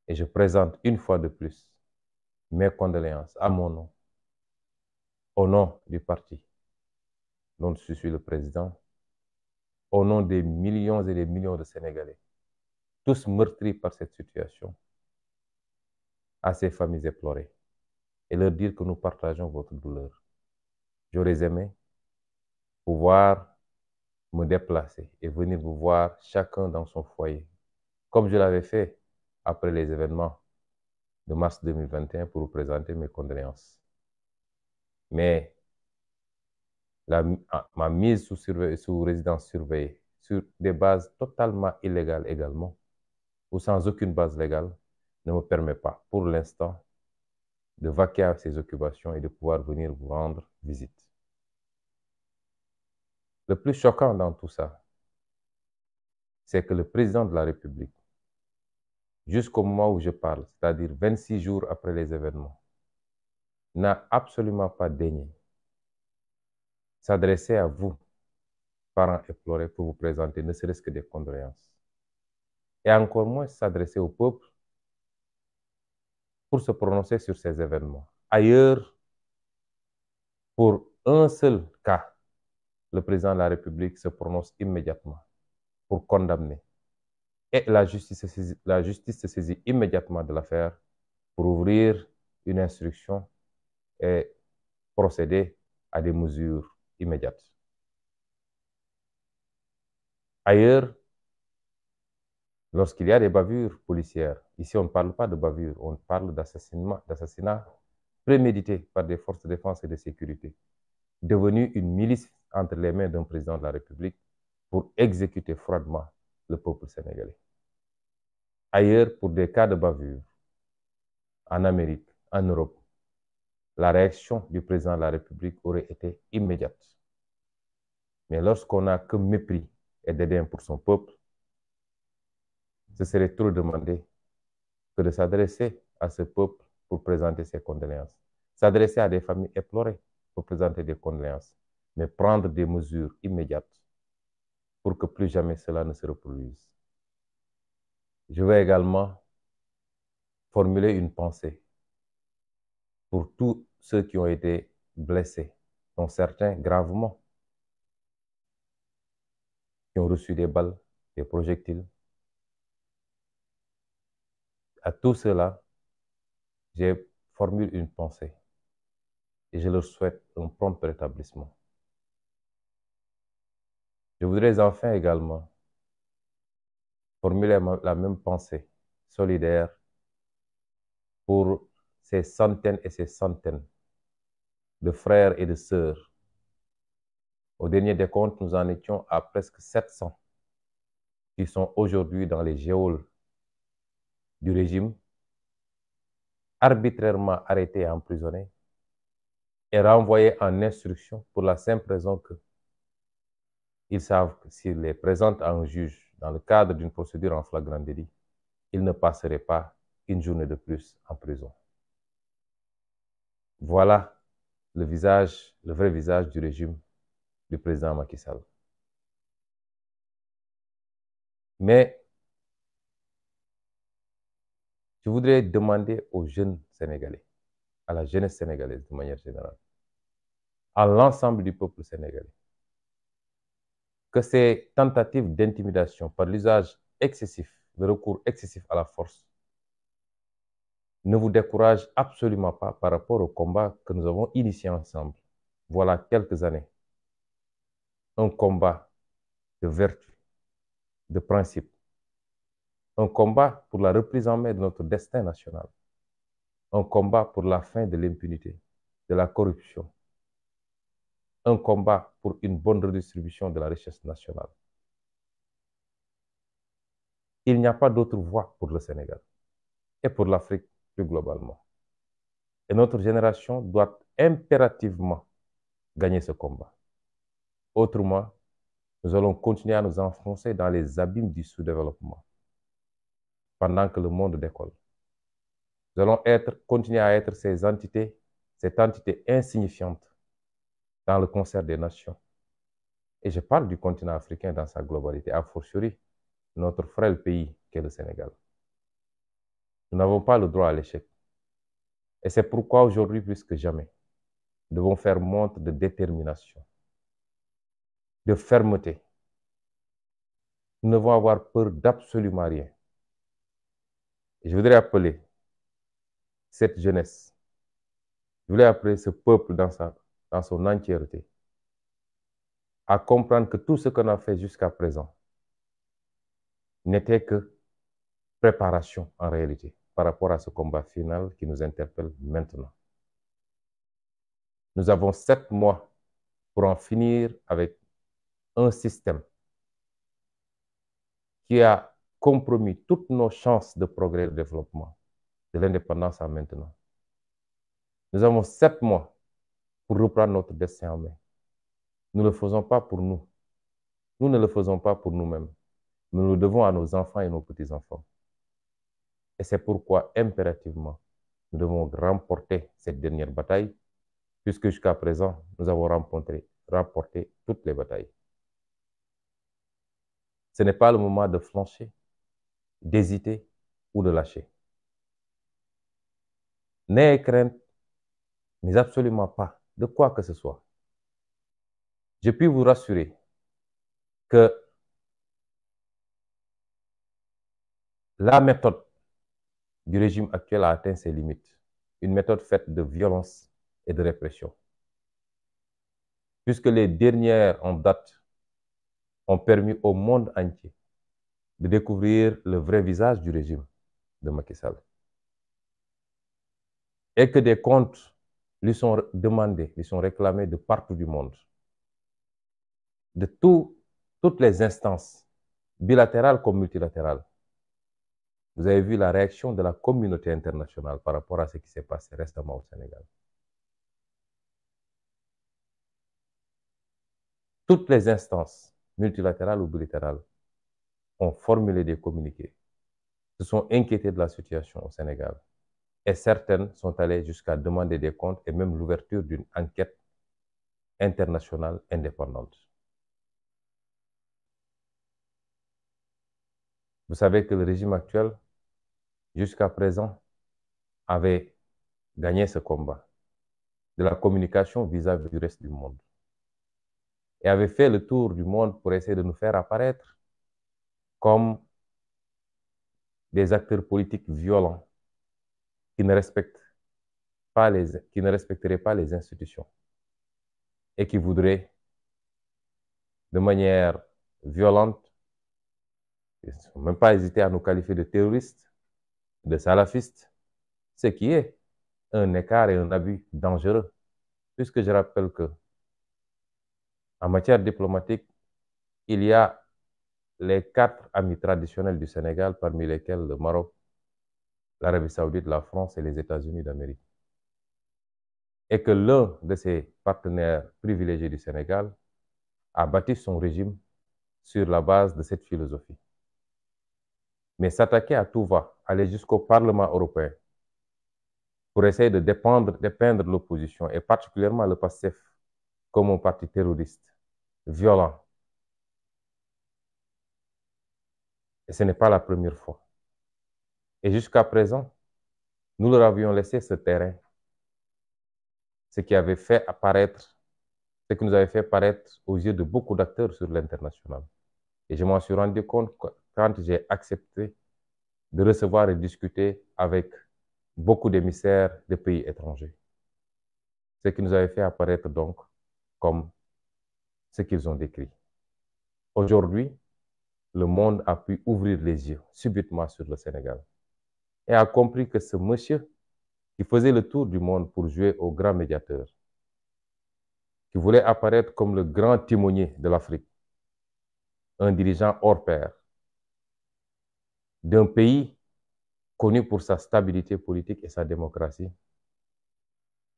et je présente une fois de plus mes condoléances à mon nom, au nom du parti dont je suis le président, au nom des millions et des millions de Sénégalais, tous meurtris par cette situation, à ces familles éplorées, et leur dire que nous partageons votre douleur. J'aurais aimé pouvoir me déplacer et venir vous voir chacun dans son foyer, comme je l'avais fait après les événements de mars 2021 pour vous présenter mes condoléances. Mais ah, ma mise sous, sous résidence surveillée sur des bases totalement illégales également, ou sans aucune base légale, ne me permet pas, pour l'instant, de vaquer à ces occupations et de pouvoir venir vous rendre visite. Le plus choquant dans tout ça, c'est que le président de la République jusqu'au moment où je parle, c'est-à-dire 26 jours après les événements, n'a absolument pas daigné s'adresser à vous, parents éplorés, pour vous présenter ne serait-ce que des condoléances. Et encore moins s'adresser au peuple pour se prononcer sur ces événements. Ailleurs, pour un seul cas, le président de la République se prononce immédiatement pour condamner et la justice, la justice se saisit immédiatement de l'affaire pour ouvrir une instruction et procéder à des mesures immédiates. Ailleurs, lorsqu'il y a des bavures policières, ici on ne parle pas de bavures, on parle d'assassinats prémédité par des forces de défense et de sécurité, devenus une milice entre les mains d'un président de la République pour exécuter froidement le peuple sénégalais. Ailleurs, pour des cas de bavure, en Amérique, en Europe, la réaction du président de la République aurait été immédiate. Mais lorsqu'on n'a que mépris et dédain pour son peuple, ce serait trop demander que de s'adresser à ce peuple pour présenter ses condoléances. S'adresser à des familles éplorées pour présenter des condoléances, mais prendre des mesures immédiates pour que plus jamais cela ne se reproduise. Je vais également formuler une pensée pour tous ceux qui ont été blessés, dont certains gravement, qui ont reçu des balles, des projectiles. À tous cela, j'ai formule une pensée et je leur souhaite un prompt rétablissement. Je voudrais enfin également formuler la même pensée solidaire pour ces centaines et ces centaines de frères et de sœurs. Au dernier des comptes, nous en étions à presque 700 qui sont aujourd'hui dans les géoles du régime, arbitrairement arrêtés et emprisonnés et renvoyés en instruction pour la simple raison que ils savent que s'ils les présentent à un juge dans le cadre d'une procédure en flagrant délit, ils ne passeraient pas une journée de plus en prison. Voilà le visage, le vrai visage du régime du président Macky Sall. Mais je voudrais demander aux jeunes Sénégalais, à la jeunesse sénégalaise de manière générale, à l'ensemble du peuple sénégalais, que ces tentatives d'intimidation par l'usage excessif, le recours excessif à la force, ne vous décourage absolument pas par rapport au combat que nous avons initié ensemble, voilà quelques années. Un combat de vertu, de principe, un combat pour la reprise en main de notre destin national, un combat pour la fin de l'impunité, de la corruption, un combat pour une bonne redistribution de la richesse nationale. Il n'y a pas d'autre voie pour le Sénégal et pour l'Afrique plus globalement. Et notre génération doit impérativement gagner ce combat. Autrement, nous allons continuer à nous enfoncer dans les abîmes du sous-développement pendant que le monde décolle. Nous allons être, continuer à être ces entités, cette entité insignifiante dans le concert des nations. Et je parle du continent africain dans sa globalité, a fortiori notre frêle pays qu'est le Sénégal. Nous n'avons pas le droit à l'échec. Et c'est pourquoi aujourd'hui, plus que jamais, nous devons faire montre de détermination, de fermeté. Nous ne devons avoir peur d'absolument rien. je voudrais appeler cette jeunesse, je voulais appeler ce peuple dans sa dans son entièreté, à comprendre que tout ce qu'on a fait jusqu'à présent n'était que préparation en réalité par rapport à ce combat final qui nous interpelle maintenant. Nous avons sept mois pour en finir avec un système qui a compromis toutes nos chances de progrès et de développement de l'indépendance à maintenant. Nous avons sept mois pour reprendre notre destin en main. Nous ne le faisons pas pour nous. Nous ne le faisons pas pour nous-mêmes. Nous le devons à nos enfants et nos petits-enfants. Et c'est pourquoi, impérativement, nous devons remporter cette dernière bataille, puisque jusqu'à présent, nous avons remporté, remporté toutes les batailles. Ce n'est pas le moment de flancher, d'hésiter ou de lâcher. N'ayez crainte, mais absolument pas de quoi que ce soit. Je puis vous rassurer que la méthode du régime actuel a atteint ses limites. Une méthode faite de violence et de répression. Puisque les dernières en date ont permis au monde entier de découvrir le vrai visage du régime de Macky Et que des comptes lui sont demandés, ils sont réclamés de partout du monde, de toutes les instances, bilatérales comme multilatérales. Vous avez vu la réaction de la communauté internationale par rapport à ce qui s'est passé récemment au Sénégal. Toutes les instances, multilatérales ou bilatérales, ont formulé des communiqués, se sont inquiétés de la situation au Sénégal et certaines sont allées jusqu'à demander des comptes et même l'ouverture d'une enquête internationale indépendante. Vous savez que le régime actuel, jusqu'à présent, avait gagné ce combat de la communication vis-à-vis du reste du monde et avait fait le tour du monde pour essayer de nous faire apparaître comme des acteurs politiques violents qui ne pas les, qui ne respecteraient pas les institutions et qui voudraient de manière violente, même pas hésiter à nous qualifier de terroristes, de salafistes, ce qui est un écart et un abus dangereux, puisque je rappelle que en matière diplomatique, il y a les quatre amis traditionnels du Sénégal, parmi lesquels le Maroc, l'Arabie saoudite, la France et les États-Unis d'Amérique. Et que l'un de ses partenaires privilégiés du Sénégal a bâti son régime sur la base de cette philosophie. Mais s'attaquer à tout va, aller jusqu'au Parlement européen pour essayer de dépendre, dépeindre l'opposition et particulièrement le PASSEF comme un parti terroriste, violent. Et ce n'est pas la première fois. Et jusqu'à présent, nous leur avions laissé ce terrain, ce qui avait fait apparaître, ce qui nous avait fait apparaître aux yeux de beaucoup d'acteurs sur l'international. Et je m'en suis rendu compte quand j'ai accepté de recevoir et discuter avec beaucoup d'émissaires de pays étrangers. Ce qui nous avait fait apparaître donc comme ce qu'ils ont décrit. Aujourd'hui, le monde a pu ouvrir les yeux subitement sur le Sénégal et a compris que ce monsieur qui faisait le tour du monde pour jouer au grand médiateur, qui voulait apparaître comme le grand timonier de l'Afrique, un dirigeant hors pair, d'un pays connu pour sa stabilité politique et sa démocratie,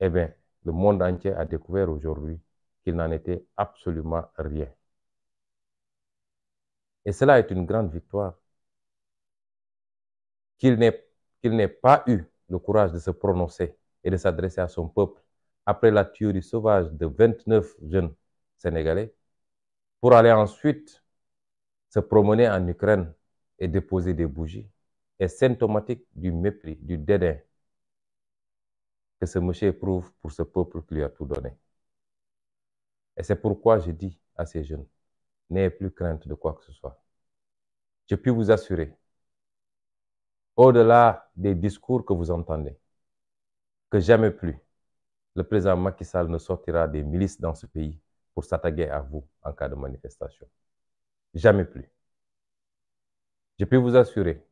eh bien, le monde entier a découvert aujourd'hui qu'il n'en était absolument rien. Et cela est une grande victoire. Qu'il n'est qu'il n'ait pas eu le courage de se prononcer et de s'adresser à son peuple après la tuerie sauvage de 29 jeunes Sénégalais pour aller ensuite se promener en Ukraine et déposer des bougies est symptomatique du mépris, du dédain que ce monsieur éprouve pour ce peuple qui lui a tout donné. Et c'est pourquoi je dis à ces jeunes, n'ayez plus crainte de quoi que ce soit. Je puis vous assurer au-delà des discours que vous entendez, que jamais plus le président Macky Sall ne sortira des milices dans ce pays pour s'attaquer à vous en cas de manifestation. Jamais plus. Je peux vous assurer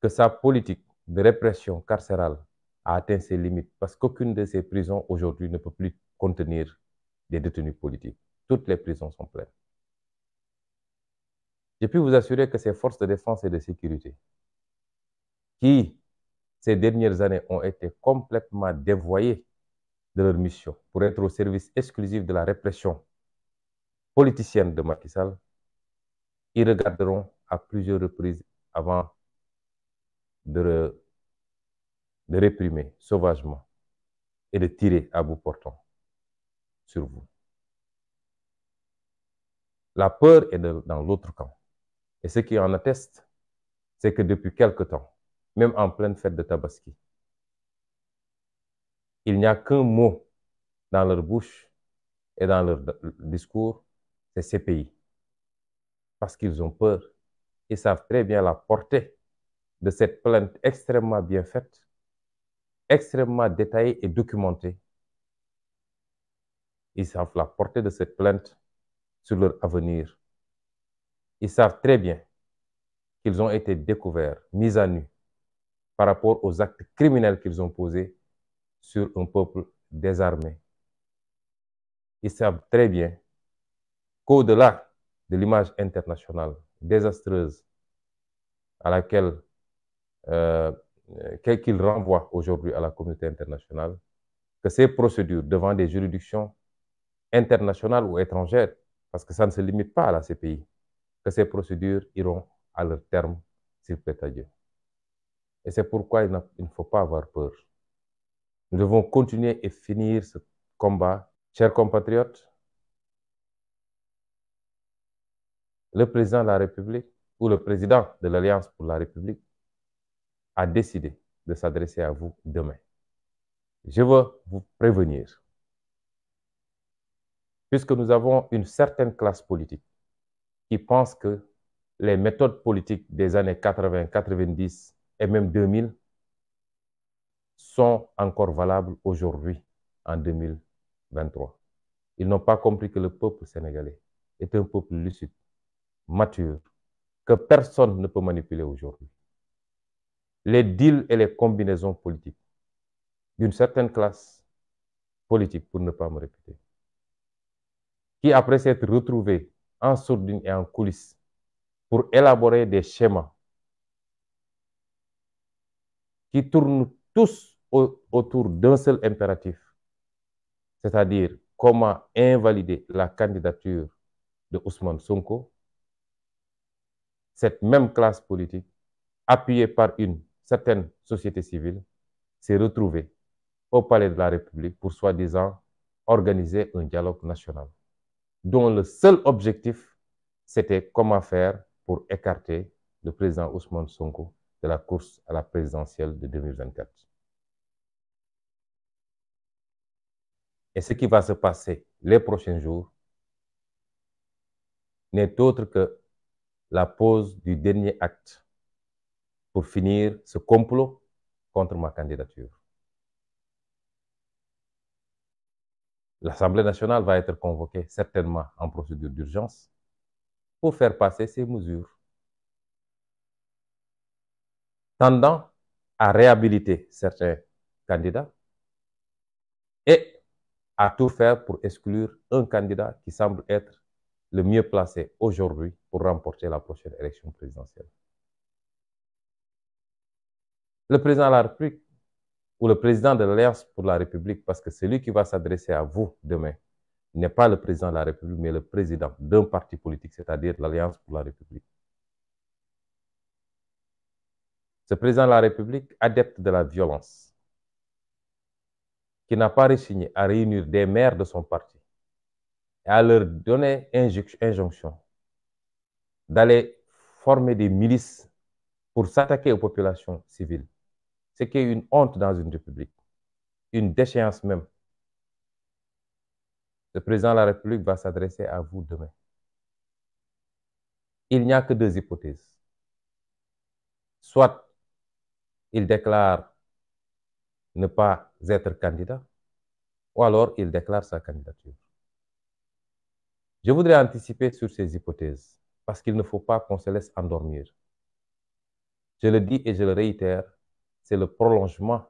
que sa politique de répression carcérale a atteint ses limites parce qu'aucune de ses prisons aujourd'hui ne peut plus contenir des détenus politiques. Toutes les prisons sont pleines. Je peux vous assurer que ses forces de défense et de sécurité qui, ces dernières années, ont été complètement dévoyés de leur mission pour être au service exclusif de la répression politicienne de Macky Sall, ils regarderont à plusieurs reprises avant de, réprimer sauvagement et de tirer à bout portant sur vous. La peur est dans l'autre camp. Et ce qui en atteste, c'est que depuis quelque temps, même en pleine fête de Tabaski. Il n'y a qu'un mot dans leur bouche et dans leur discours, c'est ces pays. Parce qu'ils ont peur. Ils savent très bien la portée de cette plainte extrêmement bien faite, extrêmement détaillée et documentée. Ils savent la portée de cette plainte sur leur avenir. Ils savent très bien qu'ils ont été découverts, mis à nu, par rapport aux actes criminels qu'ils ont posés sur un peuple désarmé. Ils savent très bien qu'au-delà de l'image internationale désastreuse à laquelle euh, qu'ils renvoient aujourd'hui à la communauté internationale, que ces procédures devant des juridictions internationales ou étrangères, parce que ça ne se limite pas à la CPI, que ces procédures iront à leur terme, s'il plaît à Dieu. Et c'est pourquoi il, ne faut pas avoir peur. Nous devons continuer et finir ce combat. Chers compatriotes, le président de la République ou le président de l'Alliance pour la République a décidé de s'adresser à vous demain. Je veux vous prévenir, puisque nous avons une certaine classe politique qui pense que les méthodes politiques des années 80-90 et même 2000 sont encore valables aujourd'hui, en 2023. Ils n'ont pas compris que le peuple sénégalais est un peuple lucide, mature, que personne ne peut manipuler aujourd'hui. Les deals et les combinaisons politiques d'une certaine classe politique, pour ne pas me répéter, qui après s'être retrouvés en sourdine et en coulisses pour élaborer des schémas qui tournent tous autour d'un seul impératif, c'est-à-dire comment invalider la candidature de Ousmane Sonko, cette même classe politique, appuyée par une certaine société civile, s'est retrouvée au Palais de la République pour soi-disant organiser un dialogue national, dont le seul objectif, c'était comment faire pour écarter le président Ousmane Sonko de la course à la présidentielle de 2024. Et ce qui va se passer les prochains jours n'est autre que la pause du dernier acte pour finir ce complot contre ma candidature. L'Assemblée nationale va être convoquée certainement en procédure d'urgence pour faire passer ces mesures tendant à réhabiliter certains candidats et à tout faire pour exclure un candidat qui semble être le mieux placé aujourd'hui pour remporter la prochaine élection présidentielle. Le président de la République ou le président de l'Alliance pour la République, parce que celui qui va s'adresser à vous demain n'est pas le président de la République, mais le président d'un parti politique, c'est-à-dire l'Alliance pour la République. ce président de la République, adepte de la violence, qui n'a pas réussi à réunir des maires de son parti et à leur donner injonction d'aller former des milices pour s'attaquer aux populations civiles, ce qui est une honte dans une république, une déchéance même. Ce président de la République va s'adresser à vous demain. Il n'y a que deux hypothèses. Soit il déclare ne pas être candidat ou alors il déclare sa candidature. Je voudrais anticiper sur ces hypothèses parce qu'il ne faut pas qu'on se laisse endormir. Je le dis et je le réitère, c'est le prolongement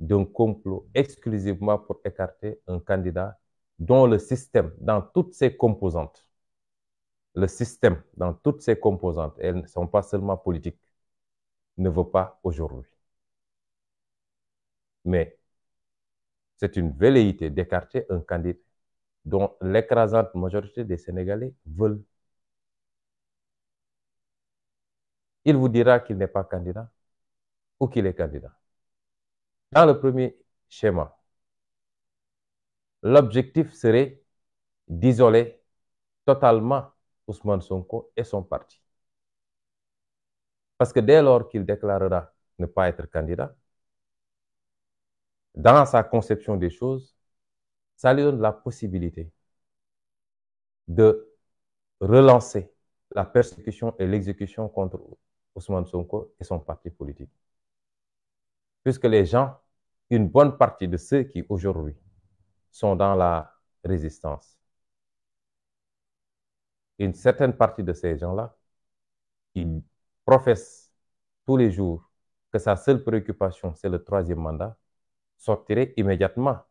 d'un complot exclusivement pour écarter un candidat dont le système, dans toutes ses composantes, le système, dans toutes ses composantes, elles ne sont pas seulement politiques, ne veut pas aujourd'hui. Mais c'est une velléité d'écarter un candidat dont l'écrasante majorité des Sénégalais veulent. Il vous dira qu'il n'est pas candidat ou qu'il est candidat. Dans le premier schéma, l'objectif serait d'isoler totalement Ousmane Sonko et son parti. Parce que dès lors qu'il déclarera ne pas être candidat, dans sa conception des choses, ça lui donne la possibilité de relancer la persécution et l'exécution contre Ousmane Sonko et son parti politique. Puisque les gens, une bonne partie de ceux qui aujourd'hui sont dans la résistance, une certaine partie de ces gens-là, ils professent tous les jours que sa seule préoccupation, c'est le troisième mandat, sortir immédiatement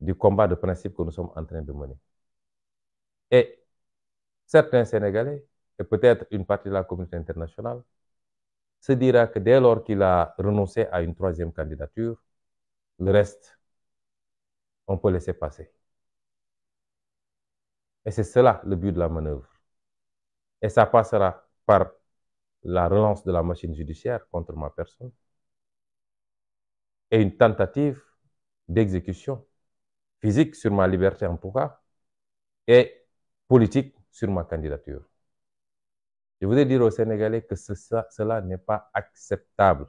du combat de principe que nous sommes en train de mener. Et certains Sénégalais, et peut-être une partie de la communauté internationale, se dira que dès lors qu'il a renoncé à une troisième candidature, le reste, on peut laisser passer. Et c'est cela le but de la manœuvre. Et ça passera par la relance de la machine judiciaire contre ma personne, et une tentative d'exécution physique sur ma liberté en pouvoir et politique sur ma candidature. Je voudrais dire aux Sénégalais que cela n'est pas acceptable.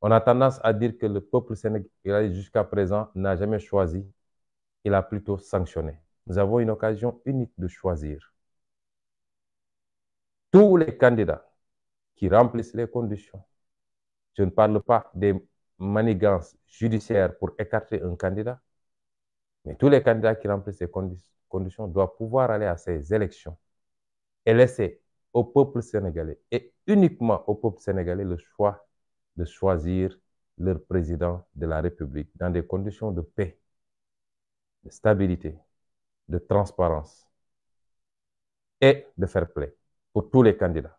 On a tendance à dire que le peuple sénégalais jusqu'à présent n'a jamais choisi, il a plutôt sanctionné. Nous avons une occasion unique de choisir. Tous les candidats qui remplissent les conditions, je ne parle pas des manigance judiciaire pour écarter un candidat, mais tous les candidats qui remplissent ces conditions doivent pouvoir aller à ces élections et laisser au peuple sénégalais et uniquement au peuple sénégalais le choix de choisir leur président de la République dans des conditions de paix, de stabilité, de transparence et de fair play pour tous les candidats.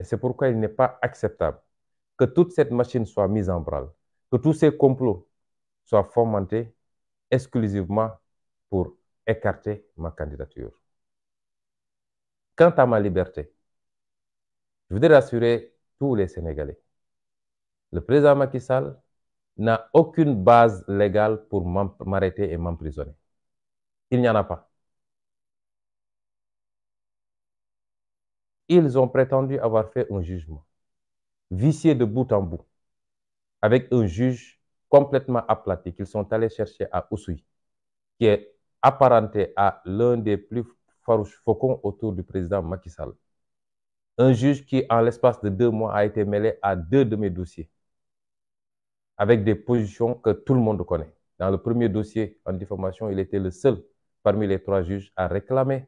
Et c'est pourquoi il n'est pas acceptable que toute cette machine soit mise en branle, que tous ces complots soient fomentés exclusivement pour écarter ma candidature. Quant à ma liberté, je voudrais rassurer tous les Sénégalais. Le président Macky Sall n'a aucune base légale pour m'arrêter et m'emprisonner. Il n'y en a pas. Ils ont prétendu avoir fait un jugement. Vicié de bout en bout, avec un juge complètement aplati qu'ils sont allés chercher à Ousui, qui est apparenté à l'un des plus farouches faucons autour du président Macky Sall. Un juge qui, en l'espace de deux mois, a été mêlé à deux de mes dossiers, avec des positions que tout le monde connaît. Dans le premier dossier en diffamation, il était le seul parmi les trois juges à réclamer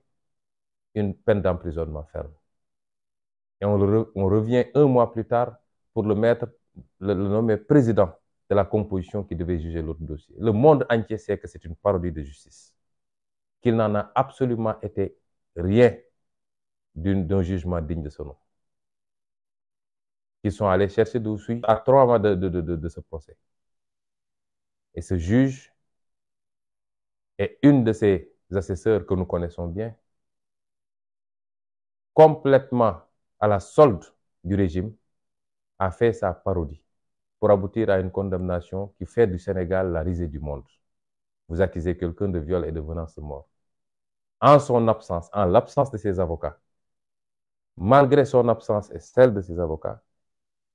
une peine d'emprisonnement ferme et on, revient un mois plus tard pour le mettre, le, nommer président de la composition qui devait juger l'autre dossier. Le monde entier sait que c'est une parodie de justice, qu'il n'en a absolument été rien d'un jugement digne de ce nom. Ils sont allés chercher d'où suis à trois mois de, de, ce procès. Et ce juge est une de ses assesseurs que nous connaissons bien, complètement à la solde du régime, a fait sa parodie pour aboutir à une condamnation qui fait du Sénégal la risée du monde. Vous accusez quelqu'un de viol et de venance mort. En son absence, en l'absence de ses avocats, malgré son absence et celle de ses avocats,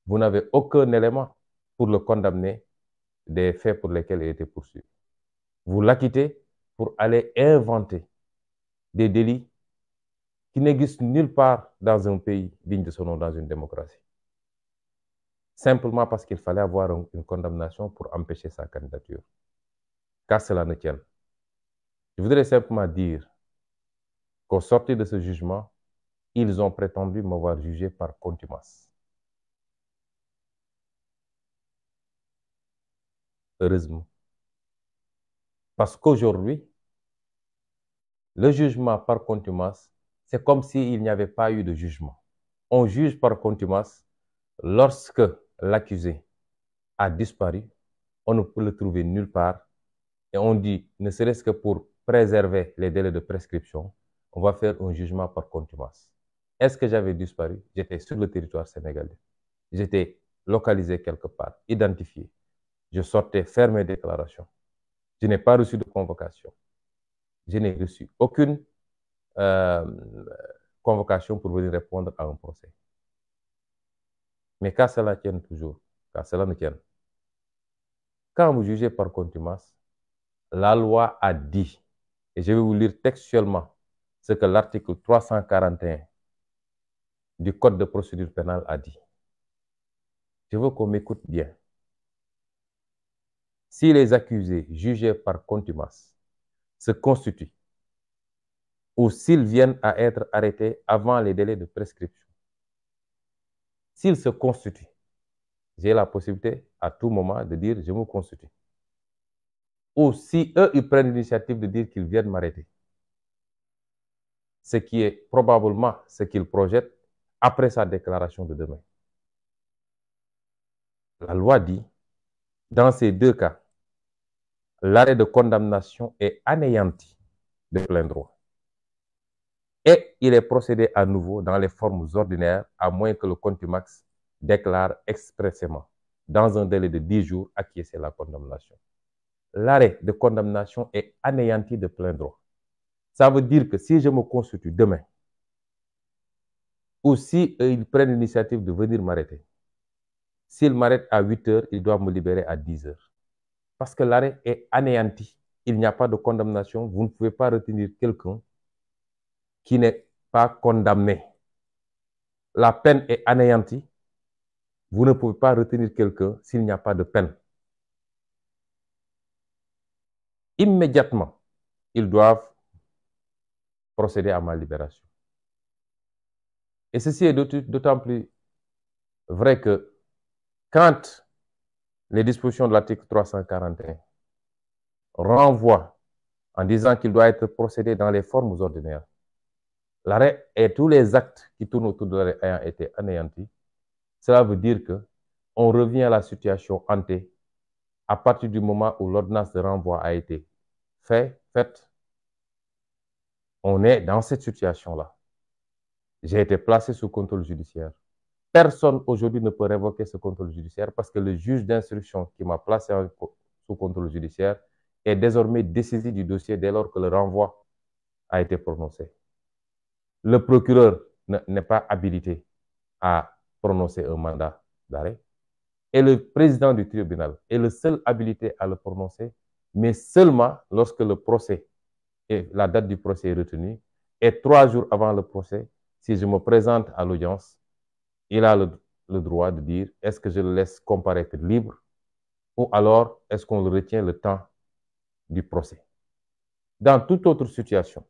vous n'avez aucun élément pour le condamner des faits pour lesquels il était poursuivi. Vous l'acquittez pour aller inventer des délits qui n'existe nulle part dans un pays digne de son nom, dans une démocratie. Simplement parce qu'il fallait avoir une condamnation pour empêcher sa candidature. Car cela ne Je voudrais simplement dire qu'au sortir de ce jugement, ils ont prétendu m'avoir jugé par contumace. Heureusement. Parce qu'aujourd'hui, le jugement par contumace c'est comme s'il n'y avait pas eu de jugement. On juge par contumace lorsque l'accusé a disparu, on ne peut le trouver nulle part et on dit, ne serait-ce que pour préserver les délais de prescription, on va faire un jugement par contumace. Est-ce que j'avais disparu J'étais sur le territoire sénégalais. J'étais localisé quelque part, identifié. Je sortais faire mes déclarations. Je n'ai pas reçu de convocation. Je n'ai reçu aucune euh, convocation pour venir répondre à un procès. Mais cas cela tienne toujours, qu'à cela ne tienne. Quand vous jugez par contumace, la loi a dit, et je vais vous lire textuellement ce que l'article 341 du Code de procédure pénale a dit. Je veux qu'on m'écoute bien. Si les accusés jugés par contumace se constituent ou s'ils viennent à être arrêtés avant les délais de prescription. S'ils se constituent, j'ai la possibilité à tout moment de dire je me constitue. Ou si eux, ils prennent l'initiative de dire qu'ils viennent m'arrêter. Ce qui est probablement ce qu'ils projettent après sa déclaration de demain. La loi dit, dans ces deux cas, l'arrêt de condamnation est anéanti de plein droit et il est procédé à nouveau dans les formes ordinaires, à moins que le max déclare expressément, dans un délai de 10 jours, acquiescer la condamnation. L'arrêt de condamnation est anéanti de plein droit. Ça veut dire que si je me constitue demain, ou si euh, ils prennent l'initiative de venir m'arrêter, s'ils m'arrêtent à 8 heures, ils doivent me libérer à 10 heures. Parce que l'arrêt est anéanti. Il n'y a pas de condamnation. Vous ne pouvez pas retenir quelqu'un qui n'est pas condamné, la peine est anéantie. Vous ne pouvez pas retenir quelqu'un s'il n'y a pas de peine. Immédiatement, ils doivent procéder à ma libération. Et ceci est d'autant plus vrai que quand les dispositions de l'article 341 renvoient en disant qu'il doit être procédé dans les formes ordinaires, l'arrêt et tous les actes qui tournent autour de l'arrêt ayant été anéantis, cela veut dire que on revient à la situation hantée à partir du moment où l'ordonnance de renvoi a été faite, on est dans cette situation-là. J'ai été placé sous contrôle judiciaire. Personne aujourd'hui ne peut révoquer ce contrôle judiciaire parce que le juge d'instruction qui m'a placé sous contrôle judiciaire est désormais décisif du dossier dès lors que le renvoi a été prononcé le procureur n'est pas habilité à prononcer un mandat d'arrêt. Et le président du tribunal est le seul habilité à le prononcer, mais seulement lorsque le procès et la date du procès est retenue. Et trois jours avant le procès, si je me présente à l'audience, il a le, droit de dire est-ce que je le laisse comparaître libre ou alors est-ce qu'on le retient le temps du procès. Dans toute autre situation,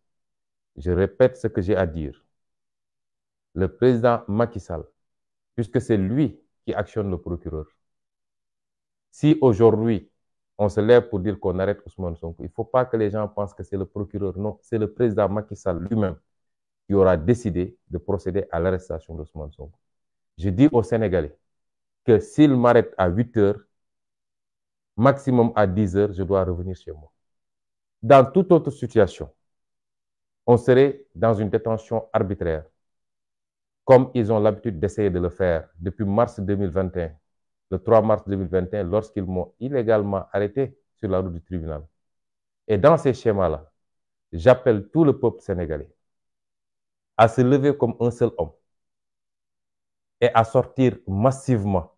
je répète ce que j'ai à dire. Le président Macky Sall, puisque c'est lui qui actionne le procureur, si aujourd'hui on se lève pour dire qu'on arrête Ousmane Sonko, il ne faut pas que les gens pensent que c'est le procureur. Non, c'est le président Macky Sall lui-même qui aura décidé de procéder à l'arrestation d'Ousmane Sonko. Je dis aux Sénégalais que s'il m'arrête à 8 heures, maximum à 10 heures, je dois revenir chez moi. Dans toute autre situation, on serait dans une détention arbitraire, comme ils ont l'habitude d'essayer de le faire depuis mars 2021, le 3 mars 2021, lorsqu'ils m'ont illégalement arrêté sur la route du tribunal. Et dans ces schémas-là, j'appelle tout le peuple sénégalais à se lever comme un seul homme et à sortir massivement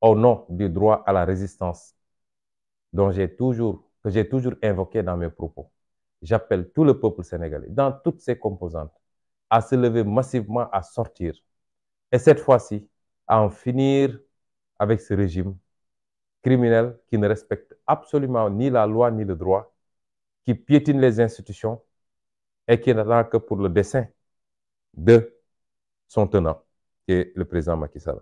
au nom du droit à la résistance dont j'ai toujours, que j'ai toujours invoqué dans mes propos. J'appelle tout le peuple sénégalais, dans toutes ses composantes, à se lever massivement, à sortir. Et cette fois-ci, à en finir avec ce régime criminel qui ne respecte absolument ni la loi ni le droit, qui piétine les institutions et qui n'attend que pour le dessein de son tenant, qui est le président Macky Sall.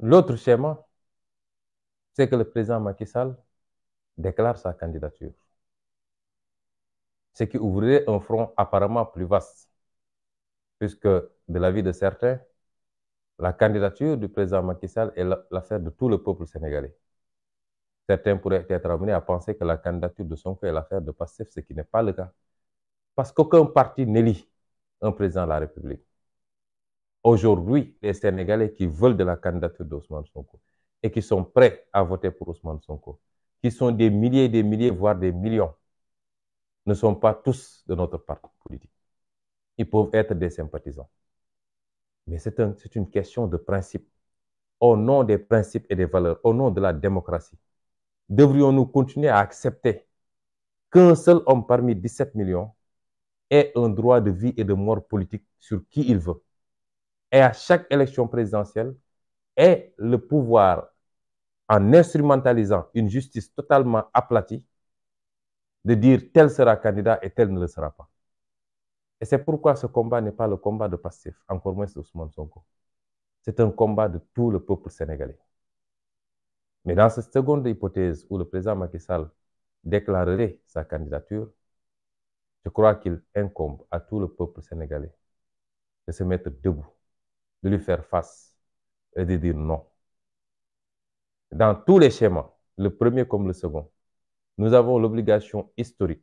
L'autre schéma, c'est que le président Macky Sall déclare sa candidature. Ce qui ouvrirait un front apparemment plus vaste, puisque de l'avis de certains, la candidature du président Macky Sall est l'affaire de tout le peuple sénégalais. Certains pourraient être amenés à penser que la candidature de Sonko est l'affaire de Passif, ce qui n'est pas le cas. Parce qu'aucun parti n'élit un président de la République. Aujourd'hui, les Sénégalais qui veulent de la candidature d'Ousmane Sonko et qui sont prêts à voter pour Ousmane Sonko qui sont des milliers et des milliers, voire des millions, ne sont pas tous de notre parti politique. Ils peuvent être des sympathisants. Mais c'est une question de principe. Au nom des principes et des valeurs, au nom de la démocratie, devrions-nous continuer à accepter qu'un seul homme parmi 17 millions ait un droit de vie et de mort politique sur qui il veut. Et à chaque élection présidentielle, ait le pouvoir en instrumentalisant une justice totalement aplatie, de dire tel sera candidat et tel ne le sera pas. Et c'est pourquoi ce combat n'est pas le combat de Passif, encore moins Ousmane Sonko. C'est un combat de tout le peuple sénégalais. Mais dans cette seconde hypothèse où le président Macky Sall déclarerait sa candidature, je crois qu'il incombe à tout le peuple sénégalais de se mettre debout, de lui faire face et de dire non dans tous les schémas, le premier comme le second, nous avons l'obligation historique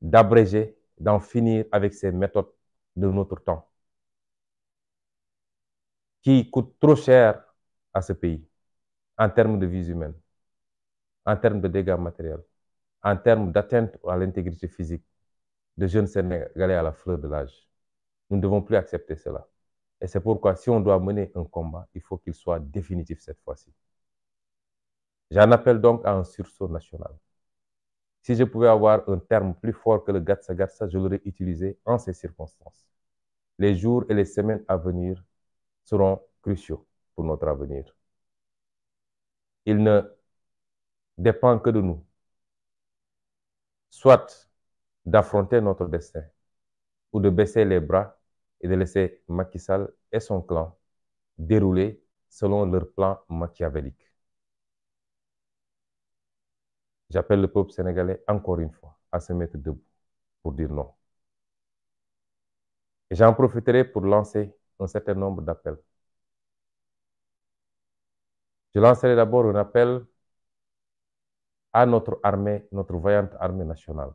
d'abréger, d'en finir avec ces méthodes de notre temps qui coûtent trop cher à ce pays en termes de vies humaines, en termes de dégâts matériels, en termes d'atteinte à l'intégrité physique de jeunes Sénégalais à la fleur de l'âge. Nous ne devons plus accepter cela. Et c'est pourquoi si on doit mener un combat, il faut qu'il soit définitif cette fois-ci. J'en appelle donc à un sursaut national. Si je pouvais avoir un terme plus fort que le Gatsa Gatsa, je l'aurais utilisé en ces circonstances. Les jours et les semaines à venir seront cruciaux pour notre avenir. Il ne dépend que de nous. Soit d'affronter notre destin ou de baisser les bras et de laisser Macky Sall et son clan dérouler selon leur plan machiavélique. J'appelle le peuple sénégalais encore une fois à se mettre debout pour dire non. Et j'en profiterai pour lancer un certain nombre d'appels. Je lancerai d'abord un appel à notre armée, notre vaillante armée nationale.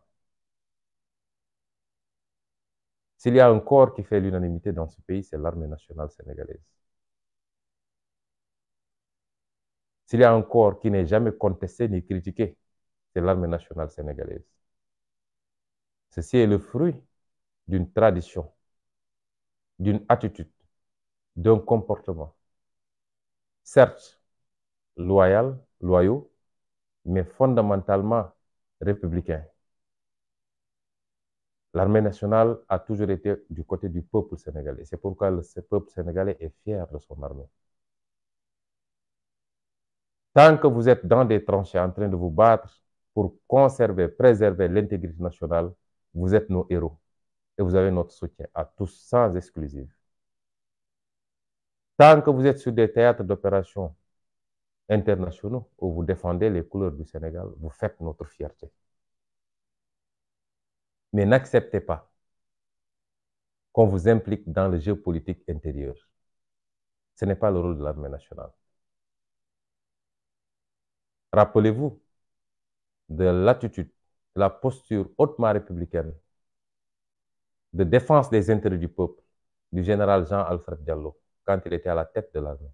S'il y a un corps qui fait l'unanimité dans ce pays, c'est l'armée nationale sénégalaise. S'il y a un corps qui n'est jamais contesté ni critiqué, c'est l'armée nationale sénégalaise. Ceci est le fruit d'une tradition, d'une attitude, d'un comportement. Certes, loyal, loyaux, mais fondamentalement républicain. L'armée nationale a toujours été du côté du peuple sénégalais. C'est pourquoi le ce peuple sénégalais est fier de son armée. Tant que vous êtes dans des tranchées en train de vous battre pour conserver, préserver l'intégrité nationale, vous êtes nos héros. Et vous avez notre soutien à tous, sans exclusive. Tant que vous êtes sur des théâtres d'opérations internationaux où vous défendez les couleurs du Sénégal, vous faites notre fierté mais n'acceptez pas qu'on vous implique dans le jeu politique intérieur. Ce n'est pas le rôle de l'armée nationale. Rappelez-vous de l'attitude, de la posture hautement républicaine de défense des intérêts du peuple du général Jean-Alfred Diallo quand il était à la tête de l'armée,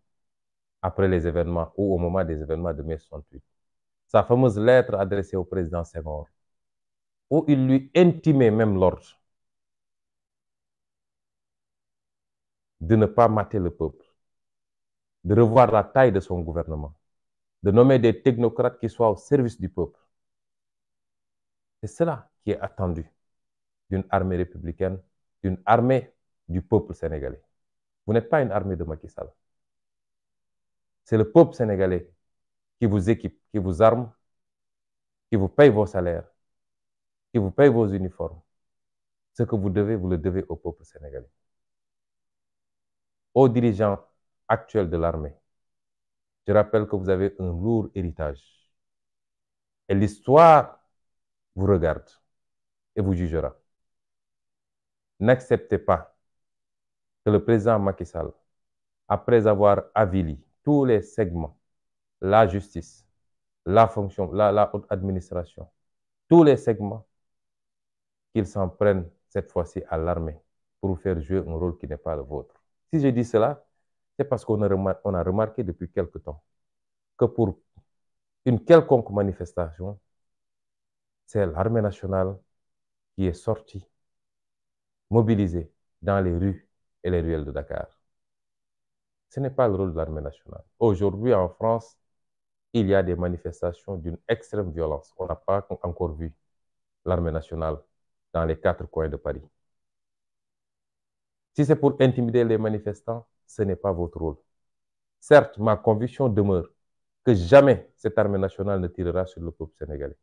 après les événements ou au moment des événements de mai 68. Sa fameuse lettre adressée au président Senghor où il lui intimait même l'ordre de ne pas mater le peuple, de revoir la taille de son gouvernement, de nommer des technocrates qui soient au service du peuple. C'est cela qui est attendu d'une armée républicaine, d'une armée du peuple sénégalais. Vous n'êtes pas une armée de Macky Sall. C'est le peuple sénégalais qui vous équipe, qui vous arme, qui vous paye vos salaires, qui vous paye vos uniformes, ce que vous devez, vous le devez au peuple sénégalais. Aux dirigeants actuels de l'armée, je rappelle que vous avez un lourd héritage. Et l'histoire vous regarde et vous jugera. N'acceptez pas que le président Macky Sall, après avoir avili tous les segments, la justice, la fonction, la, la haute administration, tous les segments, qu'ils s'en prennent cette fois-ci à l'armée pour vous faire jouer un rôle qui n'est pas le vôtre. Si je dis cela, c'est parce qu'on a, a, remarqué depuis quelque temps que pour une quelconque manifestation, c'est l'armée nationale qui est sortie, mobilisée dans les rues et les ruelles de Dakar. Ce n'est pas le rôle de l'armée nationale. Aujourd'hui, en France, il y a des manifestations d'une extrême violence. On n'a pas encore vu l'armée nationale dans les quatre coins de Paris. Si c'est pour intimider les manifestants, ce n'est pas votre rôle. Certes, ma conviction demeure que jamais cette armée nationale ne tirera sur le peuple sénégalais.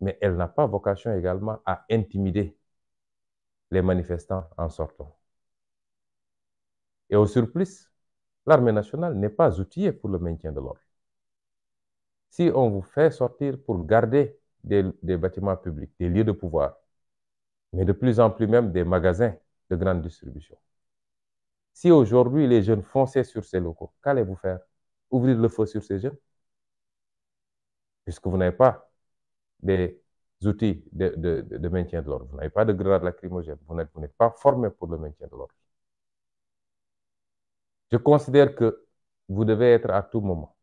Mais elle n'a pas vocation également à intimider les manifestants en sortant. Et au surplus, l'armée nationale n'est pas outillée pour le maintien de l'ordre. Si on vous fait sortir pour garder des, des bâtiments publics, des lieux de pouvoir, mais de plus en plus même des magasins de grande distribution. Si aujourd'hui les jeunes fonçaient sur ces locaux, qu'allez-vous faire Ouvrir le feu sur ces jeunes Puisque vous n'avez pas des outils de, de, maintien de l'ordre, vous n'avez pas de grade lacrymogène, vous n'êtes pas formé pour le maintien de l'ordre. Je considère que vous devez être à tout moment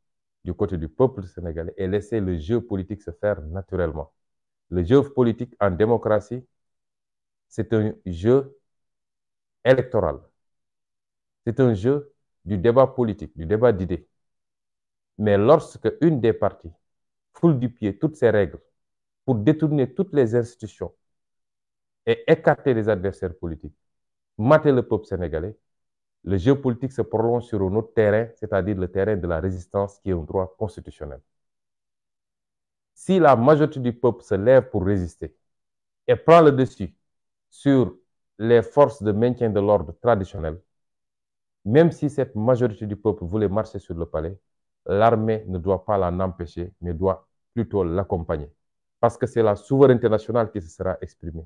du côté du peuple sénégalais et laisser le jeu politique se faire naturellement. Le jeu politique en démocratie c'est un jeu électoral. C'est un jeu du débat politique, du débat d'idées. Mais lorsque une des parties foule du pied toutes ses règles pour détourner toutes les institutions et écarter les adversaires politiques, mater le peuple sénégalais, le jeu politique se prolonge sur un autre terrain, c'est-à-dire le terrain de la résistance qui est un droit constitutionnel. Si la majorité du peuple se lève pour résister et prend le dessus sur les forces de maintien de l'ordre traditionnel, même si cette majorité du peuple voulait marcher sur le palais, l'armée ne doit pas l'en empêcher, mais doit plutôt l'accompagner. Parce que c'est la souveraineté nationale qui se sera exprimée.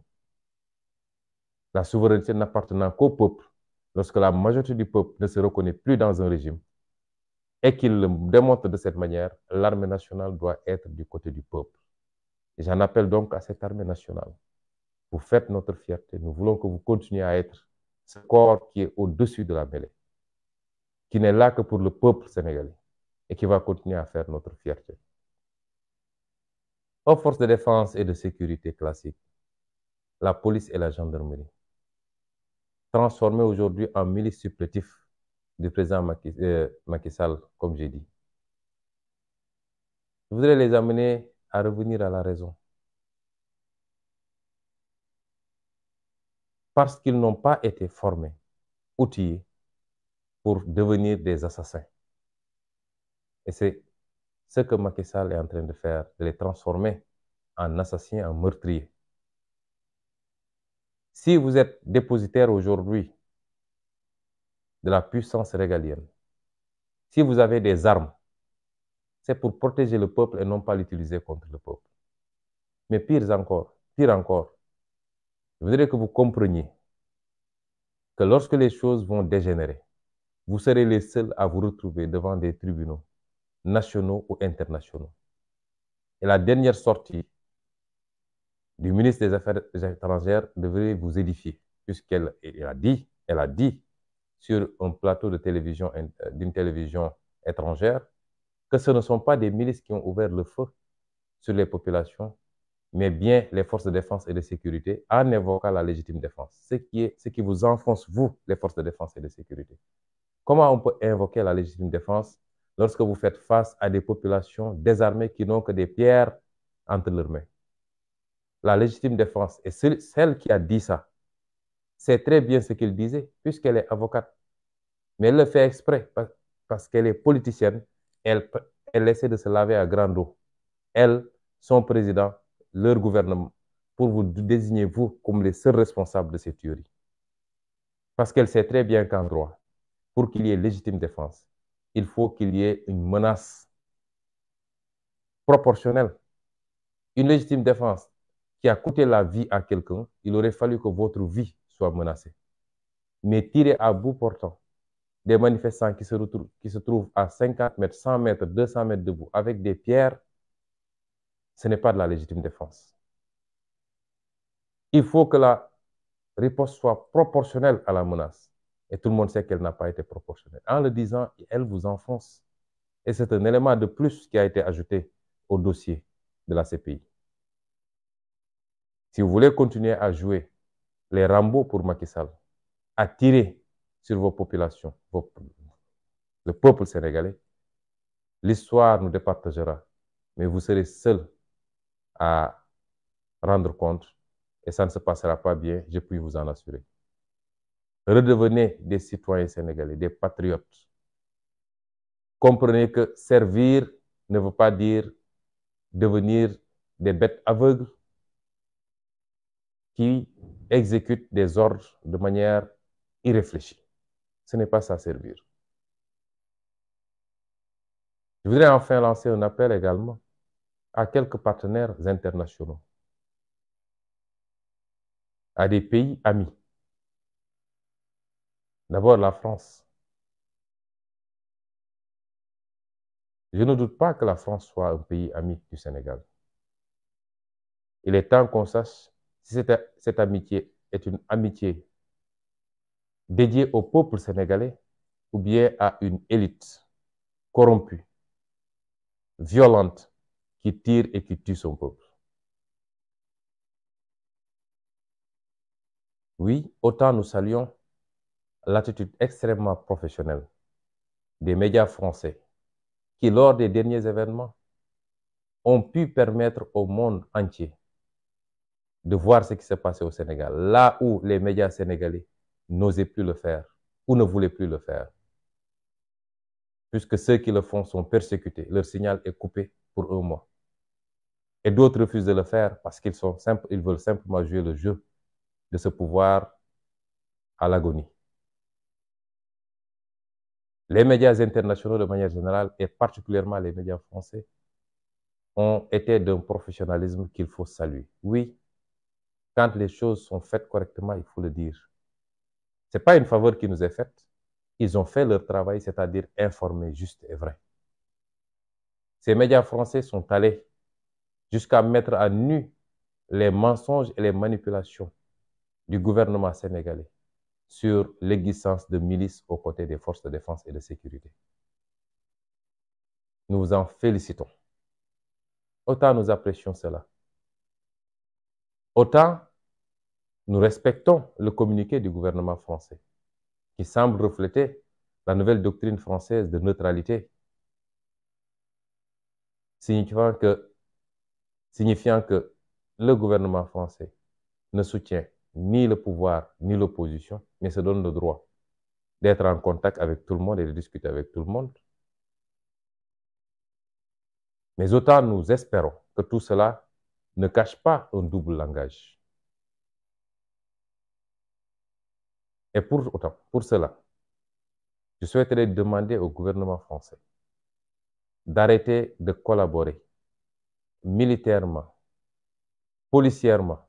La souveraineté n'appartenant qu'au peuple, lorsque la majorité du peuple ne se reconnaît plus dans un régime et qu'il le démontre de cette manière, l'armée nationale doit être du côté du peuple. J'en appelle donc à cette armée nationale. Vous faites notre fierté. Nous voulons que vous continuiez à être ce corps qui est au-dessus de la mêlée, qui n'est là que pour le peuple sénégalais et qui va continuer à faire notre fierté. Aux force de défense et de sécurité classique, la police et la gendarmerie, transformés aujourd'hui en milice supplétif du président Macky, euh, Macky Sall, comme j'ai dit. Je voudrais les amener à revenir à la raison parce qu'ils n'ont pas été formés, outillés pour devenir des assassins. Et c'est ce que Macky Sall est en train de faire, de les transformer en assassins, en meurtriers. Si vous êtes dépositaire aujourd'hui de la puissance régalienne, si vous avez des armes, c'est pour protéger le peuple et non pas l'utiliser contre le peuple. Mais pire encore, pire encore, je voudrais que vous compreniez que lorsque les choses vont dégénérer, vous serez les seuls à vous retrouver devant des tribunaux nationaux ou internationaux. Et la dernière sortie du ministre des Affaires étrangères devrait vous édifier, puisqu'elle a dit, elle a dit sur un plateau de télévision euh, d'une télévision étrangère que ce ne sont pas des milices qui ont ouvert le feu sur les populations, mais bien les forces de défense et de sécurité en évoquant la légitime défense, ce qui, est, ce qui vous enfonce, vous, les forces de défense et de sécurité. Comment on peut invoquer la légitime défense lorsque vous faites face à des populations désarmées qui n'ont que des pierres entre leurs mains La légitime défense, et celle qui a dit ça, c'est très bien ce qu'il disait, puisqu'elle est avocate. Mais elle le fait exprès, parce qu'elle est politicienne, elle, elle essaie de se laver à grande eau. Elle, son président, leur gouvernement pour vous désigner, vous, comme les seuls responsables de ces tueries. Parce qu'elle sait très bien qu'en droit, pour qu'il y ait légitime défense, il faut qu'il y ait une menace proportionnelle. Une légitime défense qui a coûté la vie à quelqu'un, il aurait fallu que votre vie soit menacée. Mais tirer à bout portant des manifestants qui se, retrouvent, qui se trouvent à 50 mètres, 100 mètres, 200 mètres debout avec des pierres, ce n'est pas de la légitime défense. Il faut que la réponse soit proportionnelle à la menace. Et tout le monde sait qu'elle n'a pas été proportionnelle. En le disant, elle vous enfonce. Et c'est un élément de plus qui a été ajouté au dossier de la CPI. Si vous voulez continuer à jouer les Rambo pour Macky Sall, à tirer sur vos populations, le peuple sénégalais, l'histoire nous départagera, mais vous serez seul à rendre compte et ça ne se passera pas bien, je puis vous en assurer. Redevenez des citoyens sénégalais, des patriotes. Comprenez que servir ne veut pas dire devenir des bêtes aveugles qui exécutent des ordres de manière irréfléchie. Ce n'est pas ça servir. Je voudrais enfin lancer un appel également à quelques partenaires internationaux, à des pays amis. D'abord la France. Je ne doute pas que la France soit un pays ami du Sénégal. Il est temps qu'on sache si cette, amitié est une amitié dédiée au peuple sénégalais ou bien à une élite corrompue, violente, qui tire et qui tue son peuple. Oui, autant nous saluons l'attitude extrêmement professionnelle des médias français qui, lors des derniers événements, ont pu permettre au monde entier de voir ce qui s'est passé au Sénégal, là où les médias sénégalais n'osaient plus le faire ou ne voulaient plus le faire, puisque ceux qui le font sont persécutés, leur signal est coupé pour un mois. Et d'autres refusent de le faire parce qu'ils sont ils veulent simplement jouer le jeu de ce pouvoir à l'agonie. Les médias internationaux de manière générale, et particulièrement les médias français, ont été d'un professionnalisme qu'il faut saluer. Oui, quand les choses sont faites correctement, il faut le dire. Ce n'est pas une faveur qui nous est faite. Ils ont fait leur travail, c'est-à-dire informer juste et vrai. Ces médias français sont allés jusqu'à mettre à nu les mensonges et les manipulations du gouvernement sénégalais sur l'existence de milices aux côtés des forces de défense et de sécurité. Nous vous en félicitons. Autant nous apprécions cela. Autant nous respectons le communiqué du gouvernement français qui semble refléter la nouvelle doctrine française de neutralité, signifiant que signifiant que le gouvernement français ne soutient ni le pouvoir ni l'opposition, mais se donne le droit d'être en contact avec tout le monde et de discuter avec tout le monde. Mais autant nous espérons que tout cela ne cache pas un double langage. Et pour autant, pour cela, je souhaiterais demander au gouvernement français d'arrêter de collaborer militairement, policièrement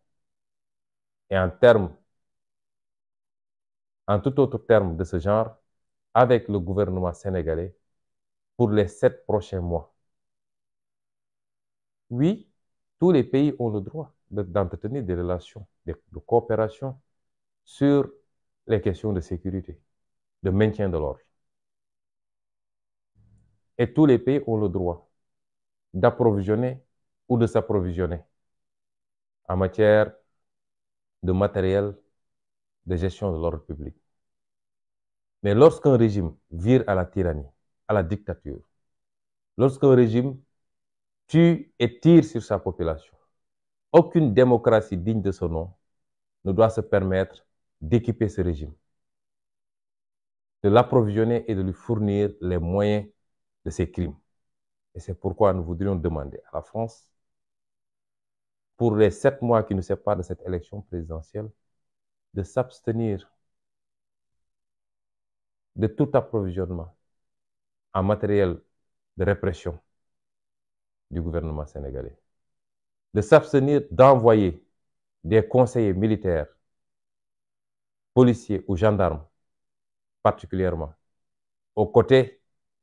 et en termes, en tout autre terme de ce genre, avec le gouvernement sénégalais pour les sept prochains mois. Oui, tous les pays ont le droit d'entretenir des relations de, coopération sur les questions de sécurité, de maintien de l'ordre. Et tous les pays ont le droit d'approvisionner ou de s'approvisionner en matière de matériel de gestion de l'ordre public. Mais lorsqu'un régime vire à la tyrannie, à la dictature, lorsqu'un régime tue et tire sur sa population, aucune démocratie digne de ce nom ne doit se permettre d'équiper ce régime, de l'approvisionner et de lui fournir les moyens de ses crimes. Et c'est pourquoi nous voudrions demander à la France pour les sept mois qui nous séparent de cette élection présidentielle, de s'abstenir de tout approvisionnement en matériel de répression du gouvernement sénégalais, de s'abstenir d'envoyer des conseillers militaires, policiers ou gendarmes, particulièrement, aux côtés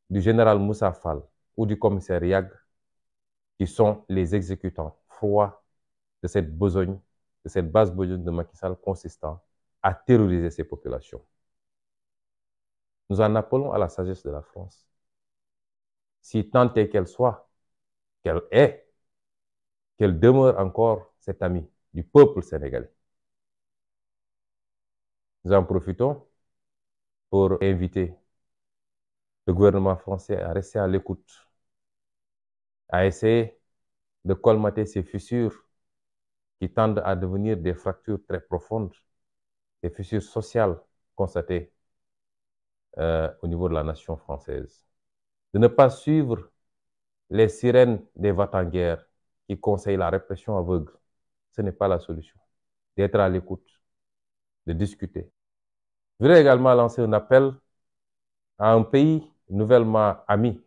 du général Moussa Fall ou du commissaire Yag, qui sont les exécutants froids de cette besogne, de cette base besogne de Macky Sall consistant à terroriser ces populations. Nous en appelons à la sagesse de la France. Si tant est qu'elle soit, qu'elle est, qu'elle demeure encore cet ami du peuple sénégalais. Nous en profitons pour inviter le gouvernement français à rester à l'écoute, à essayer de colmater ces fissures qui tendent à devenir des fractures très profondes, des fissures sociales constatées euh, au niveau de la nation française. De ne pas suivre les sirènes des vatanguerres qui conseillent la répression aveugle, ce n'est pas la solution. D'être à l'écoute, de discuter. Je voudrais également lancer un appel à un pays nouvellement ami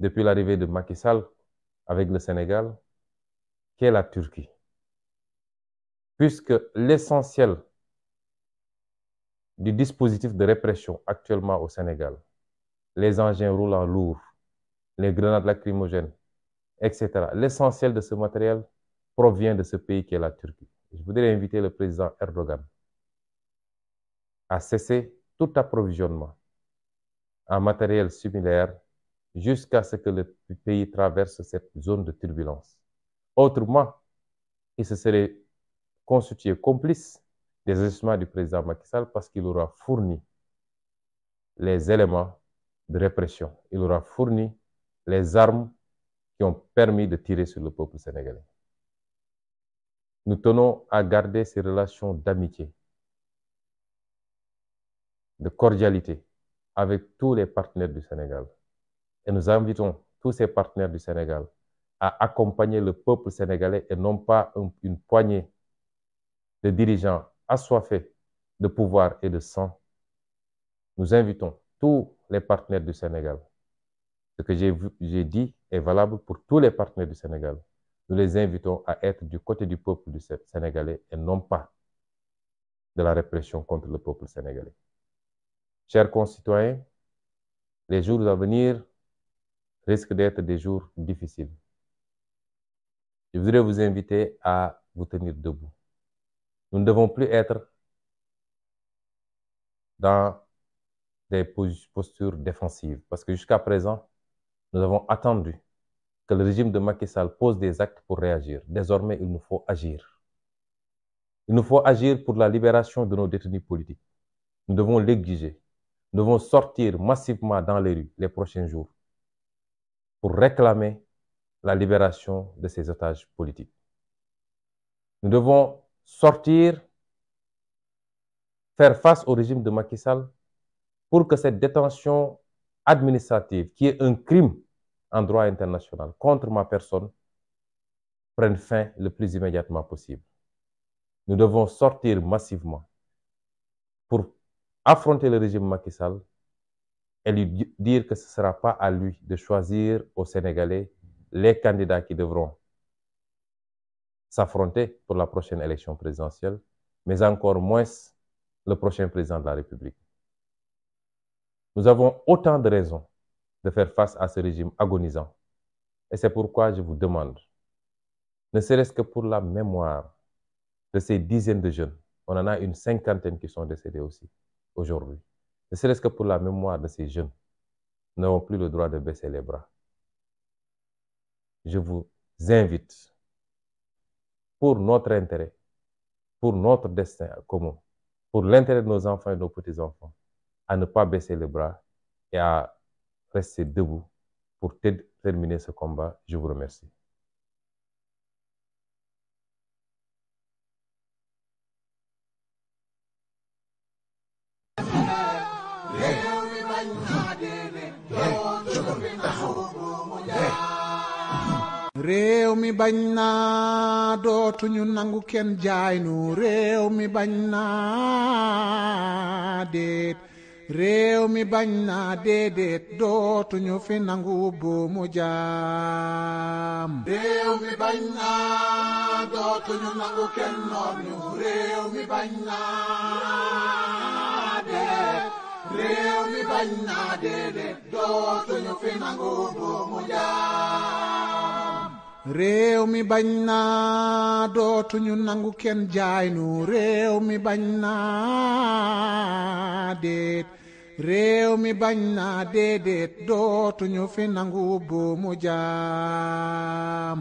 depuis l'arrivée de Macky Sall avec le Sénégal, qui est la Turquie puisque l'essentiel du dispositif de répression actuellement au Sénégal, les engins roulants lourds, les grenades lacrymogènes, etc., l'essentiel de ce matériel provient de ce pays qui est la Turquie. Je voudrais inviter le président Erdogan à cesser tout approvisionnement en matériel similaire jusqu'à ce que le pays traverse cette zone de turbulence. Autrement, il se serait constitué complice des agissements du président Macky Sall parce qu'il aura fourni les éléments de répression. Il aura fourni les armes qui ont permis de tirer sur le peuple sénégalais. Nous tenons à garder ces relations d'amitié, de cordialité avec tous les partenaires du Sénégal. Et nous invitons tous ces partenaires du Sénégal à accompagner le peuple sénégalais et non pas une poignée de dirigeants assoiffés de pouvoir et de sang, nous invitons tous les partenaires du Sénégal. Ce que j'ai dit est valable pour tous les partenaires du Sénégal. Nous les invitons à être du côté du peuple du sénégalais et non pas de la répression contre le peuple sénégalais. Chers concitoyens, les jours à venir risquent d'être des jours difficiles. Je voudrais vous inviter à vous tenir debout. Nous ne devons plus être dans des postures défensives. Parce que jusqu'à présent, nous avons attendu que le régime de Macky Sall pose des actes pour réagir. Désormais, il nous faut agir. Il nous faut agir pour la libération de nos détenus politiques. Nous devons l'exiger. Nous devons sortir massivement dans les rues les prochains jours pour réclamer la libération de ces otages politiques. Nous devons sortir, faire face au régime de Macky Sall pour que cette détention administrative, qui est un crime en droit international contre ma personne, prenne fin le plus immédiatement possible. Nous devons sortir massivement pour affronter le régime Macky Sall et lui dire que ce ne sera pas à lui de choisir aux Sénégalais les candidats qui devront s'affronter pour la prochaine élection présidentielle, mais encore moins le prochain président de la République. Nous avons autant de raisons de faire face à ce régime agonisant. Et c'est pourquoi je vous demande, ne serait-ce que pour la mémoire de ces dizaines de jeunes, on en a une cinquantaine qui sont décédés aussi aujourd'hui, ne serait-ce que pour la mémoire de ces jeunes, n'avons plus le droit de baisser les bras. Je vous invite pour notre intérêt, pour notre destin commun, pour l'intérêt de nos enfants et de nos petits-enfants, à ne pas baisser les bras et à rester debout pour terminer ce combat. Je vous remercie. réew mi bañ naa dootuñu nangu kenn jaay nu réew mi bañ naa déet réew mi bañ naa déedéet fi nangu buumu déet dootuñu fi nangu buumu jaam. réew mi bañ naa dootuñu nangu kenn jaay nu réew mi bañ naa déet réew mi bañ naa déedéet dootuñu fi nangu buumu jaam.